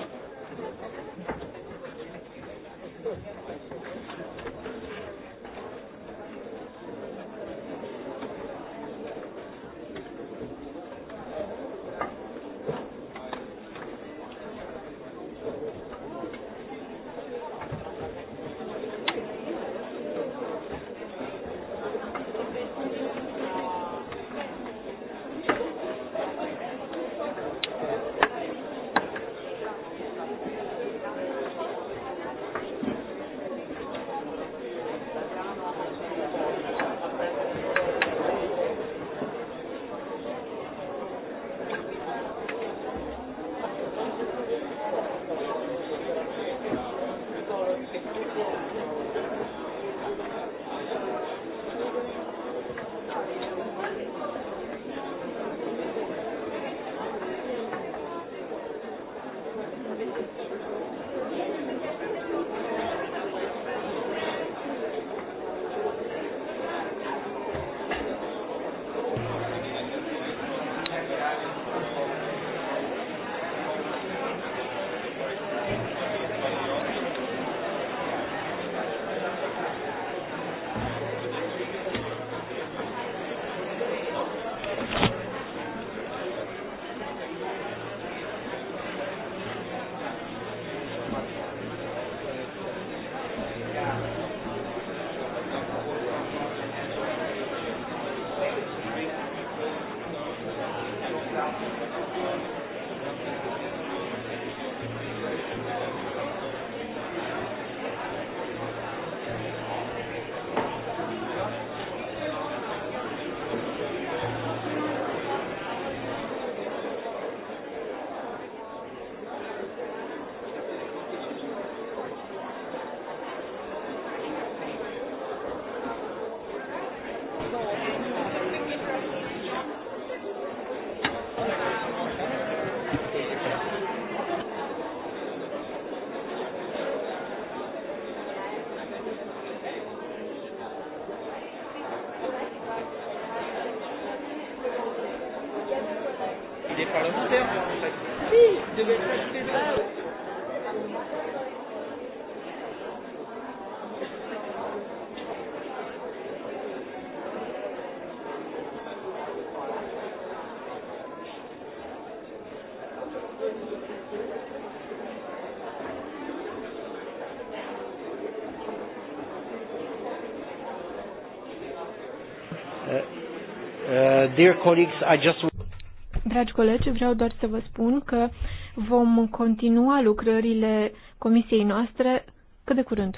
Dear colleagues, I just... Dragi colegi, vreau doar să vă spun că vom continua lucrările comisiei noastre cât de curând.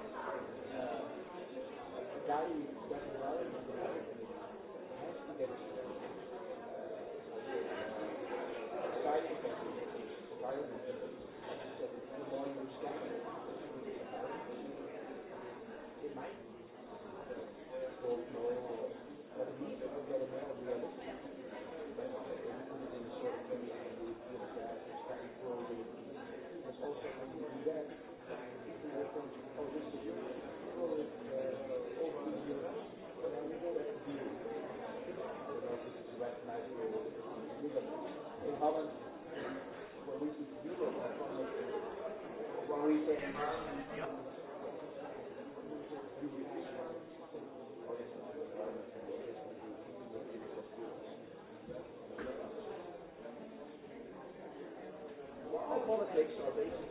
Thank you.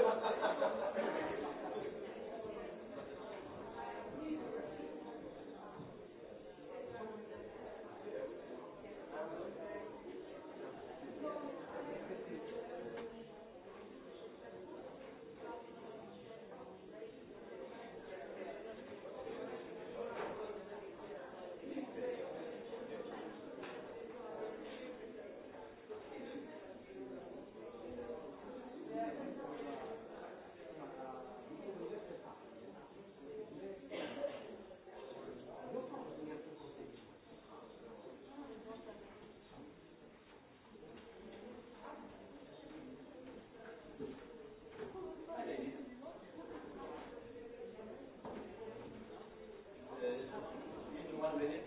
Doamne,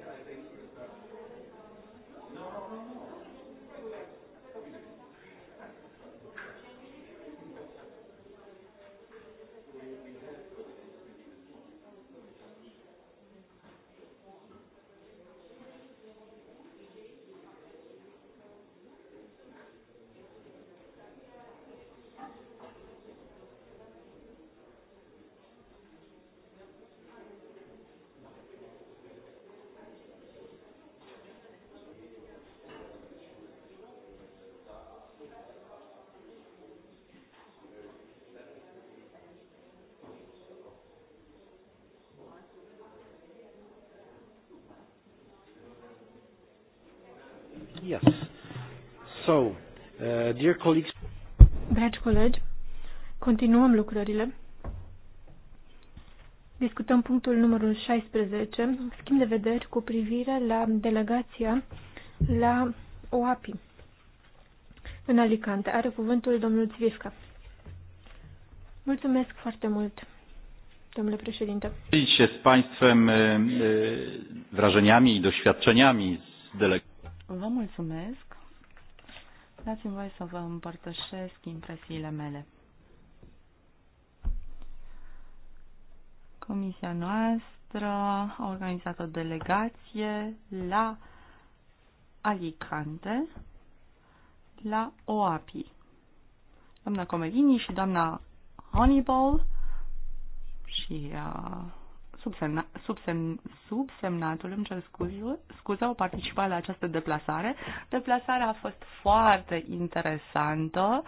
Yes. So, uh, dear colleagues. Dragi colegi, continuăm lucrările. Discutăm punctul numărul 16, schimb de vederi cu privire la delegația la OAPI în Alicante. Are cuvântul domnul Țvifca. Mulțumesc foarte mult, domnule președinte. się z Państwem wrażeniami și doświadczeniami z delegației. Vă mulțumesc. Dați-mi voi să vă împărtășesc impresiile mele. Comisia noastră a organizat o delegație la Alicante, la OAPI. Doamna Comelini și doamna Honeyball și uh, subsemna, subsem, subsemnatul, îmi cer scuze, scuze, au participat la această deplasare. Deplasarea a fost foarte interesantă.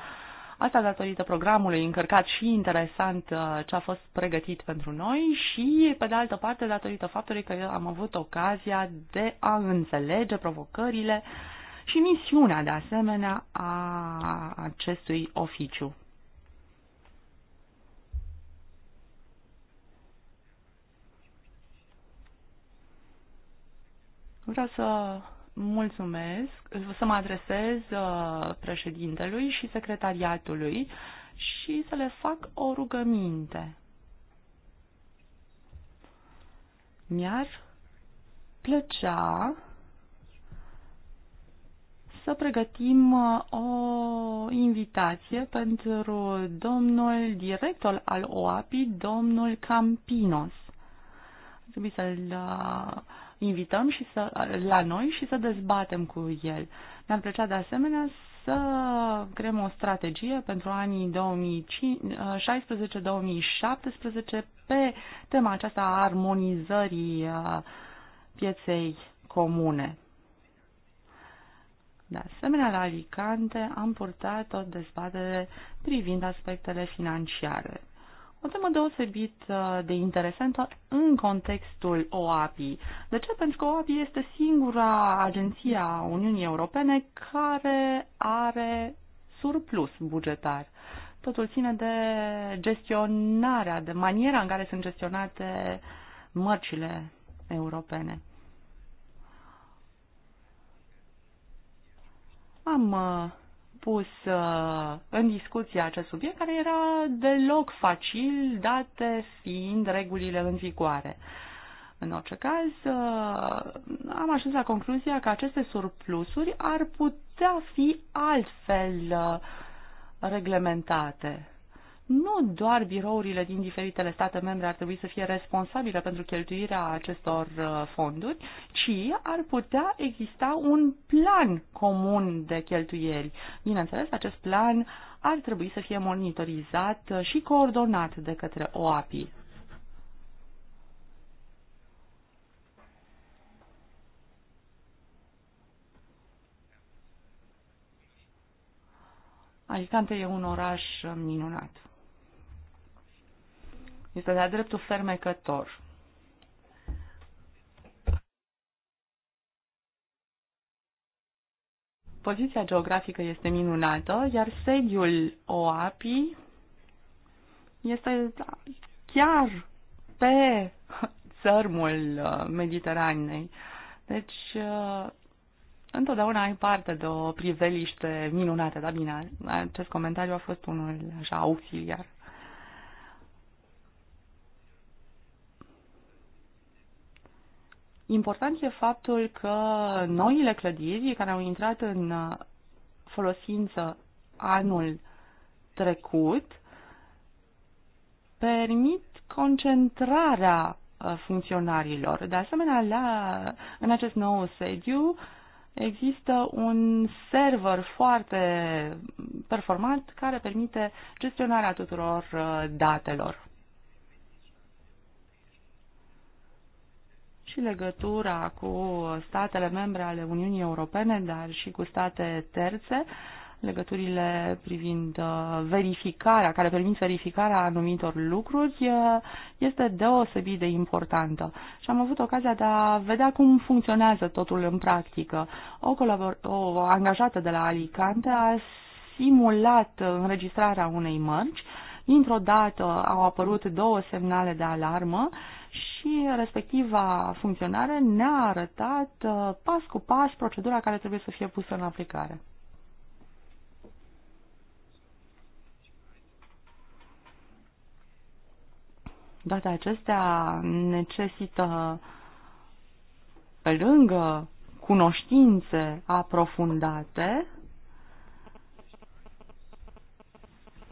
Asta datorită programului încărcat și interesant uh, ce a fost pregătit pentru noi și, pe de altă parte, datorită faptului că eu am avut ocazia de a înțelege provocările și misiunea, de asemenea, a acestui oficiu. Vreau să mulțumesc, să mă adresez uh, președintelui și secretariatului și să le fac o rugăminte. Mi-ar plăcea să pregătim uh, o invitație pentru domnul director al OAPI, domnul Campinos. Trebuie să-l uh, invităm și să, la noi și să dezbatem cu el. Ne-ar plăcea de asemenea să creăm o strategie pentru anii 2016-2017 pe tema aceasta a armonizării uh, pieței comune. De asemenea, la Alicante am purtat o dezbatere privind aspectele financiare o temă deosebit uh, de interesantă în contextul OAPI. De ce? Pentru că OAPI este singura agenție a Uniunii Europene care are surplus bugetar. Totul ține de gestionarea, de maniera în care sunt gestionate mărcile europene. Am uh, pus uh, în discuție acest subiect care era deloc facil, date fiind regulile în vigoare. În orice caz, uh, am ajuns la concluzia că aceste surplusuri ar putea fi altfel uh, reglementate nu doar birourile din diferitele state membre ar trebui să fie responsabile pentru cheltuirea acestor uh, fonduri, ci ar putea exista un plan comun de cheltuieli. Bineînțeles, acest plan ar trebui să fie monitorizat uh, și coordonat de către OAPI. Alicante e un oraș minunat. Este de-a dreptul fermecător. Poziția geografică este minunată, iar sediul OAPI este chiar pe țărmul uh, Mediteranei. Deci, uh, întotdeauna ai parte de o priveliște minunată, dar bine, acest comentariu a fost unul așa auxiliar. Important e faptul că noile clădiri care au intrat în uh, folosință anul trecut permit concentrarea uh, funcționarilor. De asemenea, la, în acest nou sediu există un server foarte performant care permite gestionarea tuturor uh, datelor. și legătura cu statele membre ale Uniunii Europene, dar și cu state terțe, legăturile privind uh, verificarea, care permit verificarea anumitor lucruri, uh, este deosebit de importantă. Și am avut ocazia de a vedea cum funcționează totul în practică. O, colabor- o angajată de la Alicante a simulat înregistrarea unei mărci, dintr-o dată au apărut două semnale de alarmă și respectiva funcționare ne-a arătat uh, pas cu pas procedura care trebuie să fie pusă în aplicare. Toate acestea necesită pe lângă cunoștințe aprofundate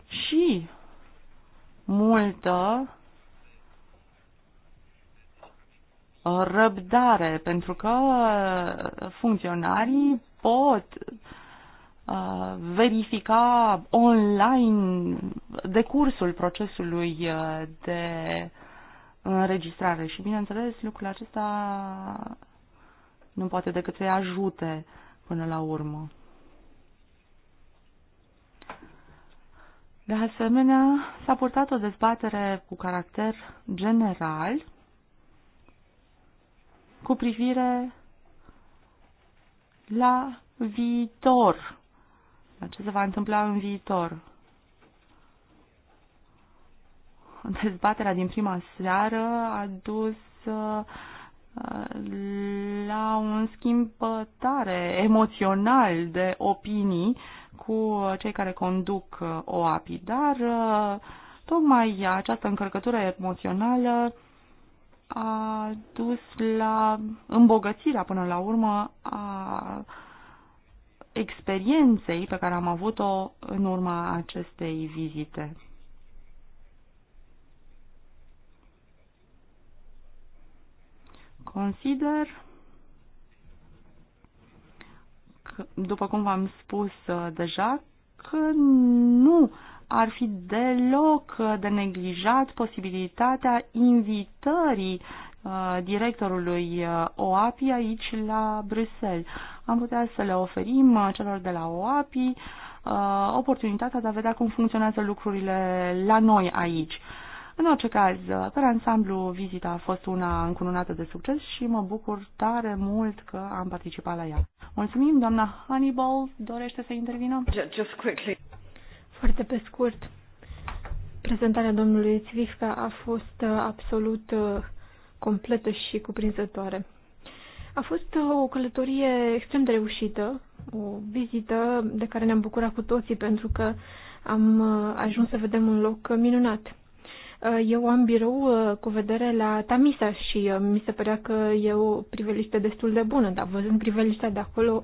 și multă răbdare, pentru că funcționarii pot uh, verifica online decursul procesului uh, de înregistrare și, bineînțeles, lucrul acesta nu poate decât să-i ajute până la urmă. De asemenea, s-a purtat o dezbatere cu caracter general cu privire la viitor, la ce se va întâmpla în viitor. Dezbaterea din prima seară a dus uh, la un schimb tare emoțional de opinii cu cei care conduc uh, OAPI, dar uh, tocmai această încărcătură emoțională a dus la îmbogățirea până la urmă a experienței pe care am avut-o în urma acestei vizite. Consider, că, după cum v-am spus uh, deja, că nu uh, ar fi deloc de neglijat posibilitatea invitării uh, directorului uh, OAPI aici la Bruxelles. Am putea să le oferim uh, celor de la OAPI oportunitatea de a vedea cum funcționează lucrurile la noi aici. În orice caz, pe ansamblu, vizita a fost una încununată de succes și mă bucur tare mult că am participat la ea. Mulțumim, doamna Honeyball, dorește să intervină? Just quickly. Foarte pe scurt, prezentarea domnului Țvifca a fost uh, absolut uh, completă și cuprinzătoare. A fost uh, o călătorie extrem de reușită, o vizită de care ne-am bucurat cu toții pentru că am ajuns să vedem un loc minunat. Eu am birou cu vedere la Tamisa și mi se părea că e o priveliște destul de bună, dar văzând priveliștea de acolo,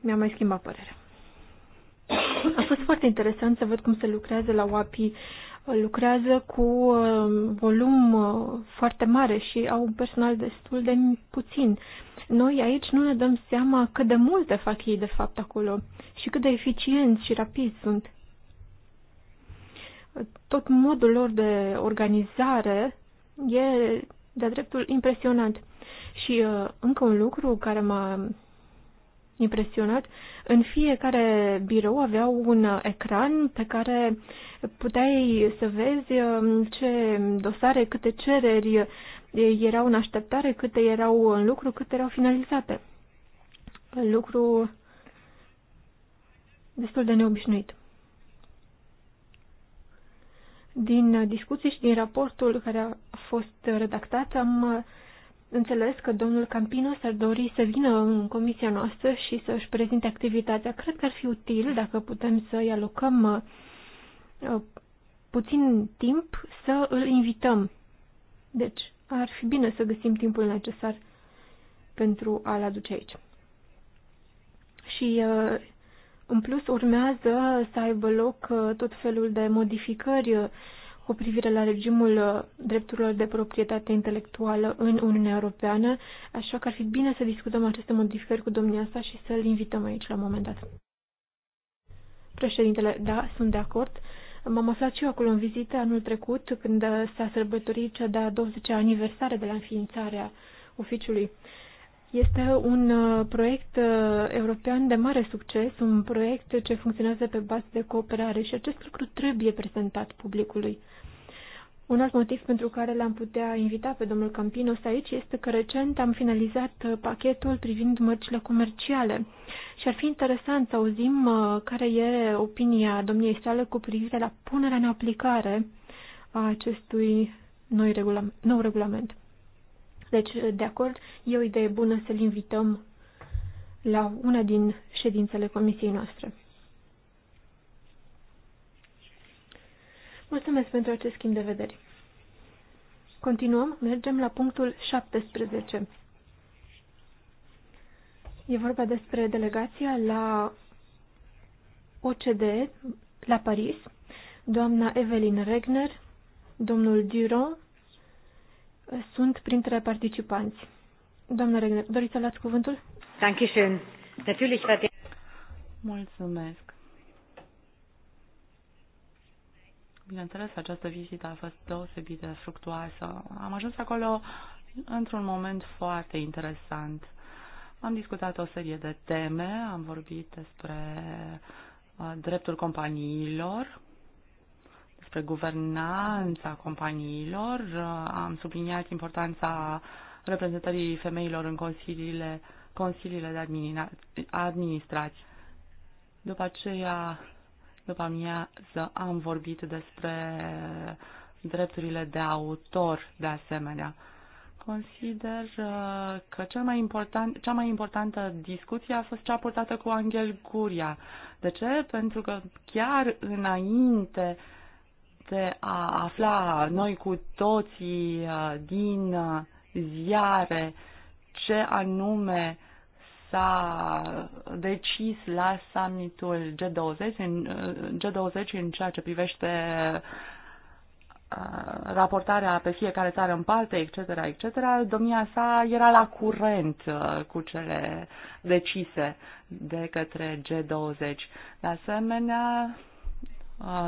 mi-a mai schimbat părerea. A fost foarte interesant să văd cum se lucrează la WAPI. Lucrează cu um, volum uh, foarte mare și au un personal destul de puțin. Noi aici nu ne dăm seama cât de multe fac ei de fapt acolo și cât de eficienți și rapizi sunt. Tot modul lor de organizare e de dreptul impresionant. Și uh, încă un lucru care m-a impresionat. În fiecare birou aveau un ecran pe care puteai să vezi um, ce dosare, câte cereri erau în așteptare, câte erau în lucru, câte erau finalizate. Lucru destul de neobișnuit. Din discuții și din raportul care a fost redactat am înțeles că domnul Campino s-ar dori să vină în comisia noastră și să-și prezinte activitatea. Cred că ar fi util dacă putem să-i alocăm uh, uh, puțin timp să îl invităm. Deci, ar fi bine să găsim timpul necesar pentru a-l aduce aici. Și, uh, în plus, urmează să aibă loc tot felul de modificări cu privire la regimul uh, drepturilor de proprietate intelectuală în Uniunea Europeană, așa că ar fi bine să discutăm aceste modificări cu domnia sa și să-l invităm aici la un moment dat. Președintele, da, sunt de acord. M-am aflat și eu acolo în vizită anul trecut, când s-a sărbătorit cea de-a 20-a aniversare de la înființarea oficiului. Este un uh, proiect uh, european de mare succes, un proiect ce funcționează pe bază de cooperare și acest lucru trebuie prezentat publicului. Un alt motiv pentru care l-am putea invita pe domnul Campinos aici este că recent am finalizat uh, pachetul privind mărcile comerciale și ar fi interesant să auzim care e opinia domniei sale cu privire la punerea în aplicare a acestui noi regulament, nou regulament. Deci, de acord, e o idee bună să-l invităm la una din ședințele comisiei noastre. Mulțumesc pentru acest schimb de vedere. Continuăm, mergem la punctul 17. E vorba despre delegația la OCD la Paris, doamna Evelyn Regner, domnul Durand sunt printre participanți. Doamna Regner, doriți să luați cuvântul? Dankeschön. Natürlich war der... Mulțumesc. Bineînțeles, această vizită a fost deosebit de fructuoasă. Am ajuns acolo într-un moment foarte interesant. Am discutat o serie de teme, am vorbit despre uh, dreptul companiilor, despre guvernanța companiilor. Uh, am subliniat importanța reprezentării femeilor în consiliile, consiliile de administrație. După aceea, după amiază, am vorbit despre drepturile de autor de asemenea. Consider uh, că cea mai important, cea mai importantă discuție a fost cea purtată cu Angel Curia. De ce? Pentru că chiar înainte uh, de a afla noi cu toții uh, din uh, ziare ce anume s-a decis la summitul G20 în, uh, G20 în ceea ce privește raportarea pe fiecare țară în parte, etc., etc., domnia sa era la curent cu cele decise de către G20. De asemenea,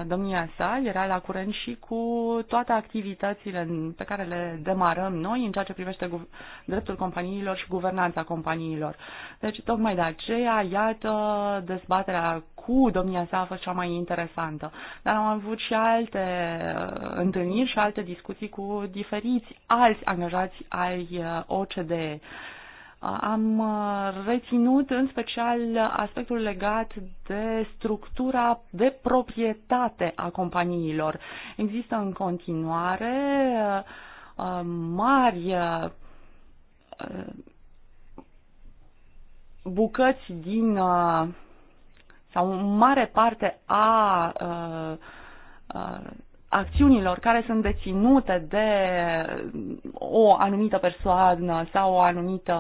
domnia sa era la curent și cu toate activitățile pe care le demarăm noi în ceea ce privește dreptul companiilor și guvernanța companiilor. Deci, tocmai de aceea, iată, dezbaterea cu domnia sa a fost cea mai interesantă. Dar am avut și alte uh, întâlniri și alte discuții cu diferiți alți angajați ai uh, OCDE. Am uh, reținut în special aspectul legat de structura de proprietate a companiilor. Există în continuare uh, mari uh, bucăți din sau mare parte a acțiunilor care sunt deținute de o anumită persoană sau o anumită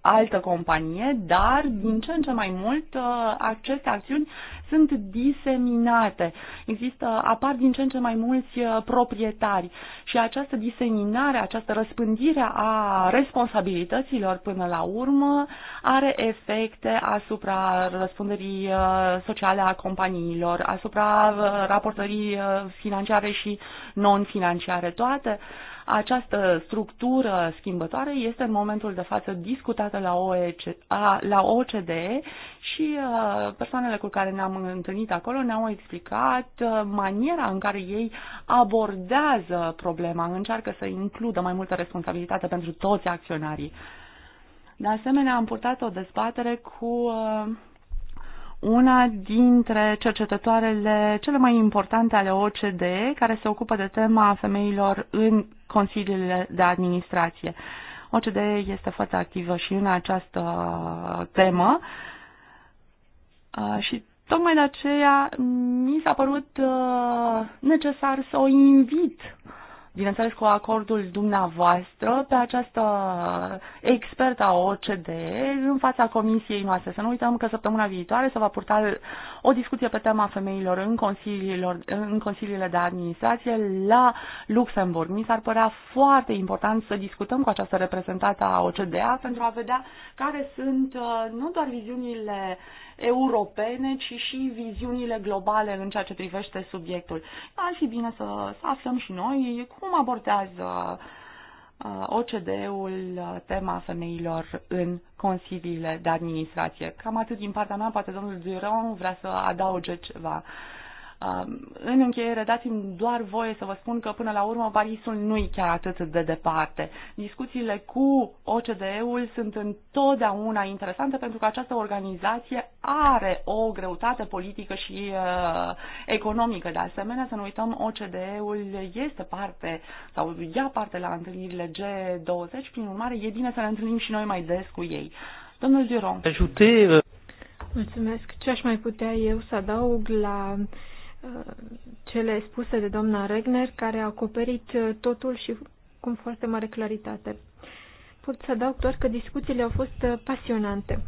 altă companie, dar din ce în ce mai mult uh, aceste acțiuni sunt diseminate. Există, apar din ce în ce mai mulți uh, proprietari și această diseminare, această răspândire a responsabilităților până la urmă are efecte asupra răspunderii uh, sociale a companiilor, asupra uh, raportării financiare și non-financiare. Toate această structură schimbătoare este în momentul de față discutată la, OEC, la OCDE și uh, persoanele cu care ne-am întâlnit acolo ne-au explicat uh, maniera în care ei abordează problema, încearcă să includă mai multă responsabilitate pentru toți acționarii. De asemenea, am purtat o dezbatere cu uh, una dintre cercetătoarele cele mai importante ale OCDE, care se ocupă de tema femeilor în consiliile de administrație. OCDE este foarte activă și în această temă și tocmai de aceea mi s-a părut necesar să o invit bineînțeles cu acordul dumneavoastră, pe această expertă a OCDE în fața comisiei noastre. Să nu uităm că săptămâna viitoare se va purta o discuție pe tema femeilor în, consiliilor, în consiliile de administrație la Luxemburg. Mi s-ar părea foarte important să discutăm cu această reprezentată a OCDA pentru a vedea care sunt uh, nu doar viziunile europene, ci și viziunile globale în ceea ce privește subiectul. Ar fi bine să, să aflăm și noi cum abordează uh, Uh, OCDE-ul uh, tema femeilor în consiliile de administrație. Cam atât din partea mea, poate domnul Duron vrea să adauge ceva. Uh, Um, în încheiere, dați-mi doar voie să vă spun că până la urmă Parisul nu e chiar atât de departe. Discuțiile cu OCDE-ul sunt întotdeauna interesante pentru că această organizație are o greutate politică și uh, economică. De asemenea, să nu uităm, OCDE-ul este parte sau ia parte la întâlnirile G20, prin urmare e bine să ne întâlnim și noi mai des cu ei. Domnul Duron. Ajute... Uh, Mulțumesc. Ce aș mai putea eu să adaug la uh, cele spuse de doamna Regner, care a acoperit uh, totul și cu foarte mare claritate. Pot să adaug doar că discuțiile au fost uh, pasionante.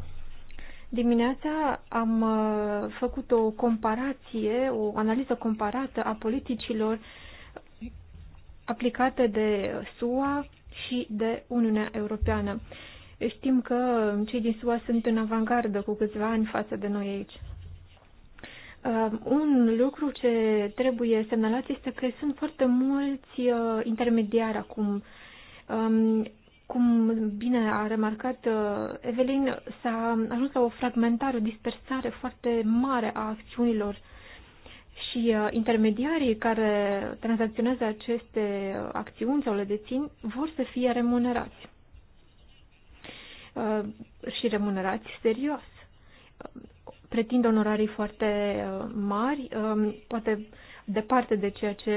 Dimineața am uh, făcut o comparație, o analiză comparată a politicilor aplicate de SUA și de Uniunea Europeană. Știm că cei din SUA sunt în avangardă cu câțiva ani față de noi aici. Um, un lucru ce trebuie semnalat este că sunt foarte mulți uh, intermediari acum. Um, cum bine a remarcat uh, Evelyn, s-a ajuns la o fragmentare, o dispersare foarte mare a acțiunilor și uh, intermediarii care tranzacționează aceste acțiuni sau le dețin vor să fie remunerați și remunerați serios pretind onorarii foarte uh, mari, um, poate departe de ceea ce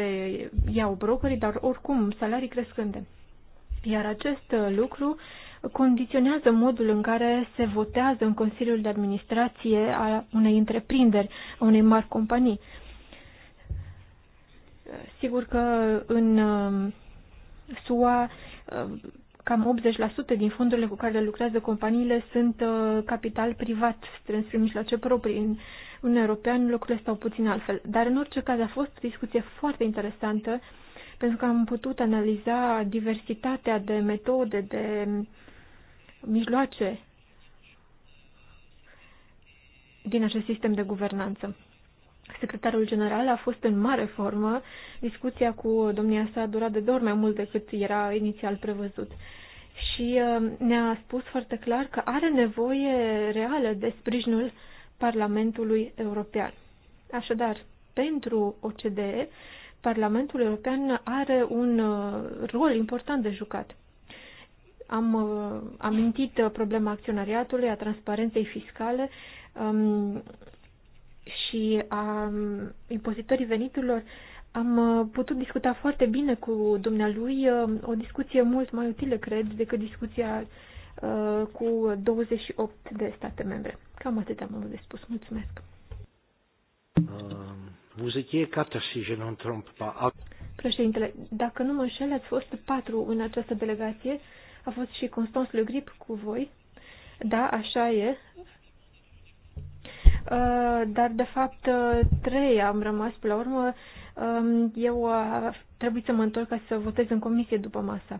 iau brokerii, dar oricum salarii crescânde. Iar acest uh, lucru condiționează modul în care se votează în Consiliul de Administrație a unei întreprinderi, a unei mari companii. Sigur că în uh, SUA cam 80% din fondurile cu care lucrează companiile sunt uh, capital privat strâns prin mijloace proprii. În Uniunea Europeană lucrurile stau puțin altfel. Dar în orice caz a fost o discuție foarte interesantă pentru că am putut analiza diversitatea de metode, de mijloace din acest sistem de guvernanță secretarul general a fost în mare formă. Discuția cu domnia sa a durat de două mai mult decât era inițial prevăzut. Și uh, ne-a spus foarte clar că are nevoie reală de sprijinul Parlamentului European. Așadar, pentru OCDE, Parlamentul European are un uh, rol important de jucat. Am uh, amintit problema acționariatului, a transparenței fiscale, um, și a impozitării veniturilor, am uh, putut discuta foarte bine cu dumnealui, uh, o discuție mult mai utilă, cred, decât discuția uh, cu 28 de state membre. Cam atât am avut de spus. Mulțumesc. Președintele, dacă nu mă înșel, ați fost patru în această delegație. A fost și Constans Le Grip cu voi. Da, așa e. Uh, dar de fapt uh, trei am rămas până la urmă. Um, eu uh, trebuie să mă întorc ca să votez în comisie după masa.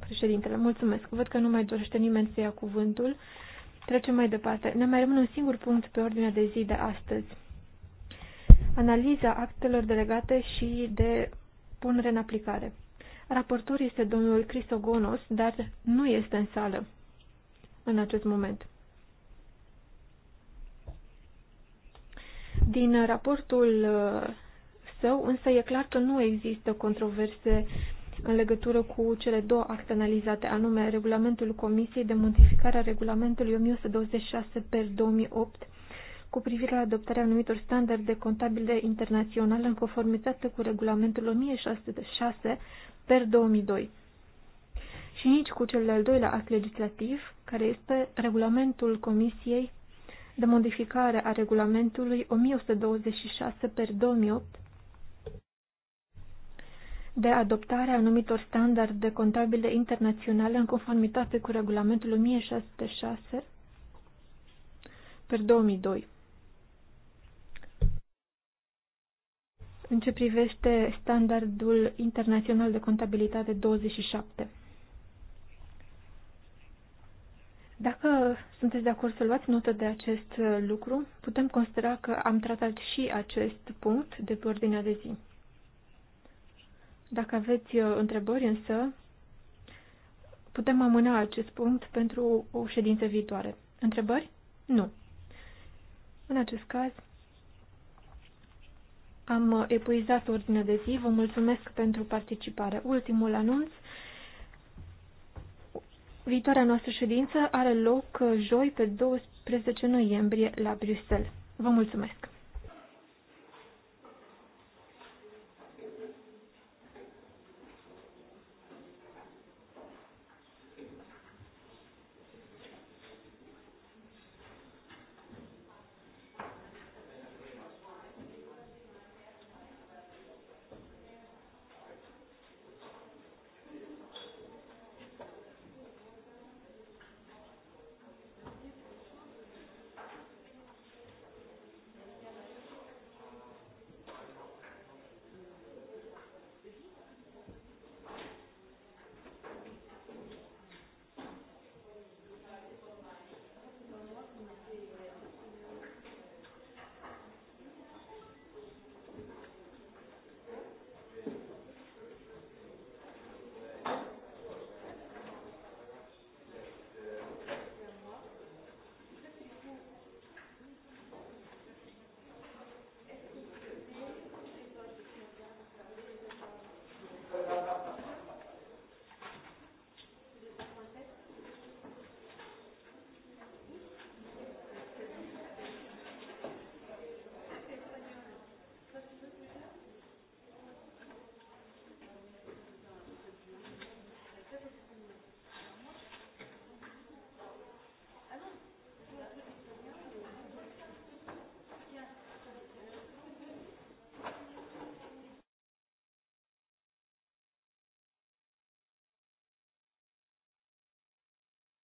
Președintele, mulțumesc. Văd că nu mai dorește nimeni să ia cuvântul. Trecem mai departe. Ne mai rămâne un singur punct pe ordinea de zi de astăzi. Analiza actelor delegate și de punere în aplicare. Raportor este domnul Cristogonos, dar nu este în sală în acest moment. Din raportul uh, său, însă e clar că nu există controverse în legătură cu cele două acte analizate, anume regulamentul Comisiei de modificare a regulamentului 1126 per 2008 cu privire la adoptarea anumitor standarde contabile internaționale în conformitate cu regulamentul 1606 per 2002 și nici cu cel de-al doilea act legislativ, care este regulamentul Comisiei de modificare a regulamentului 1126 per 2008 de adoptarea anumitor standarde contabile internaționale în conformitate cu regulamentul 1606 per 2002. În ce privește standardul internațional de contabilitate 27. Dacă sunteți de acord să luați notă de acest uh, lucru, putem considera că am tratat și acest punct de pe ordinea de zi. Dacă aveți uh, întrebări însă, putem amâna acest punct pentru o ședință viitoare. Întrebări? Nu. În acest caz, am epuizat ordinea de zi. Vă mulțumesc pentru participare. Ultimul anunț. Viitoarea noastră ședință are loc uh, joi pe 12 noiembrie la Bruxelles. Vă mulțumesc!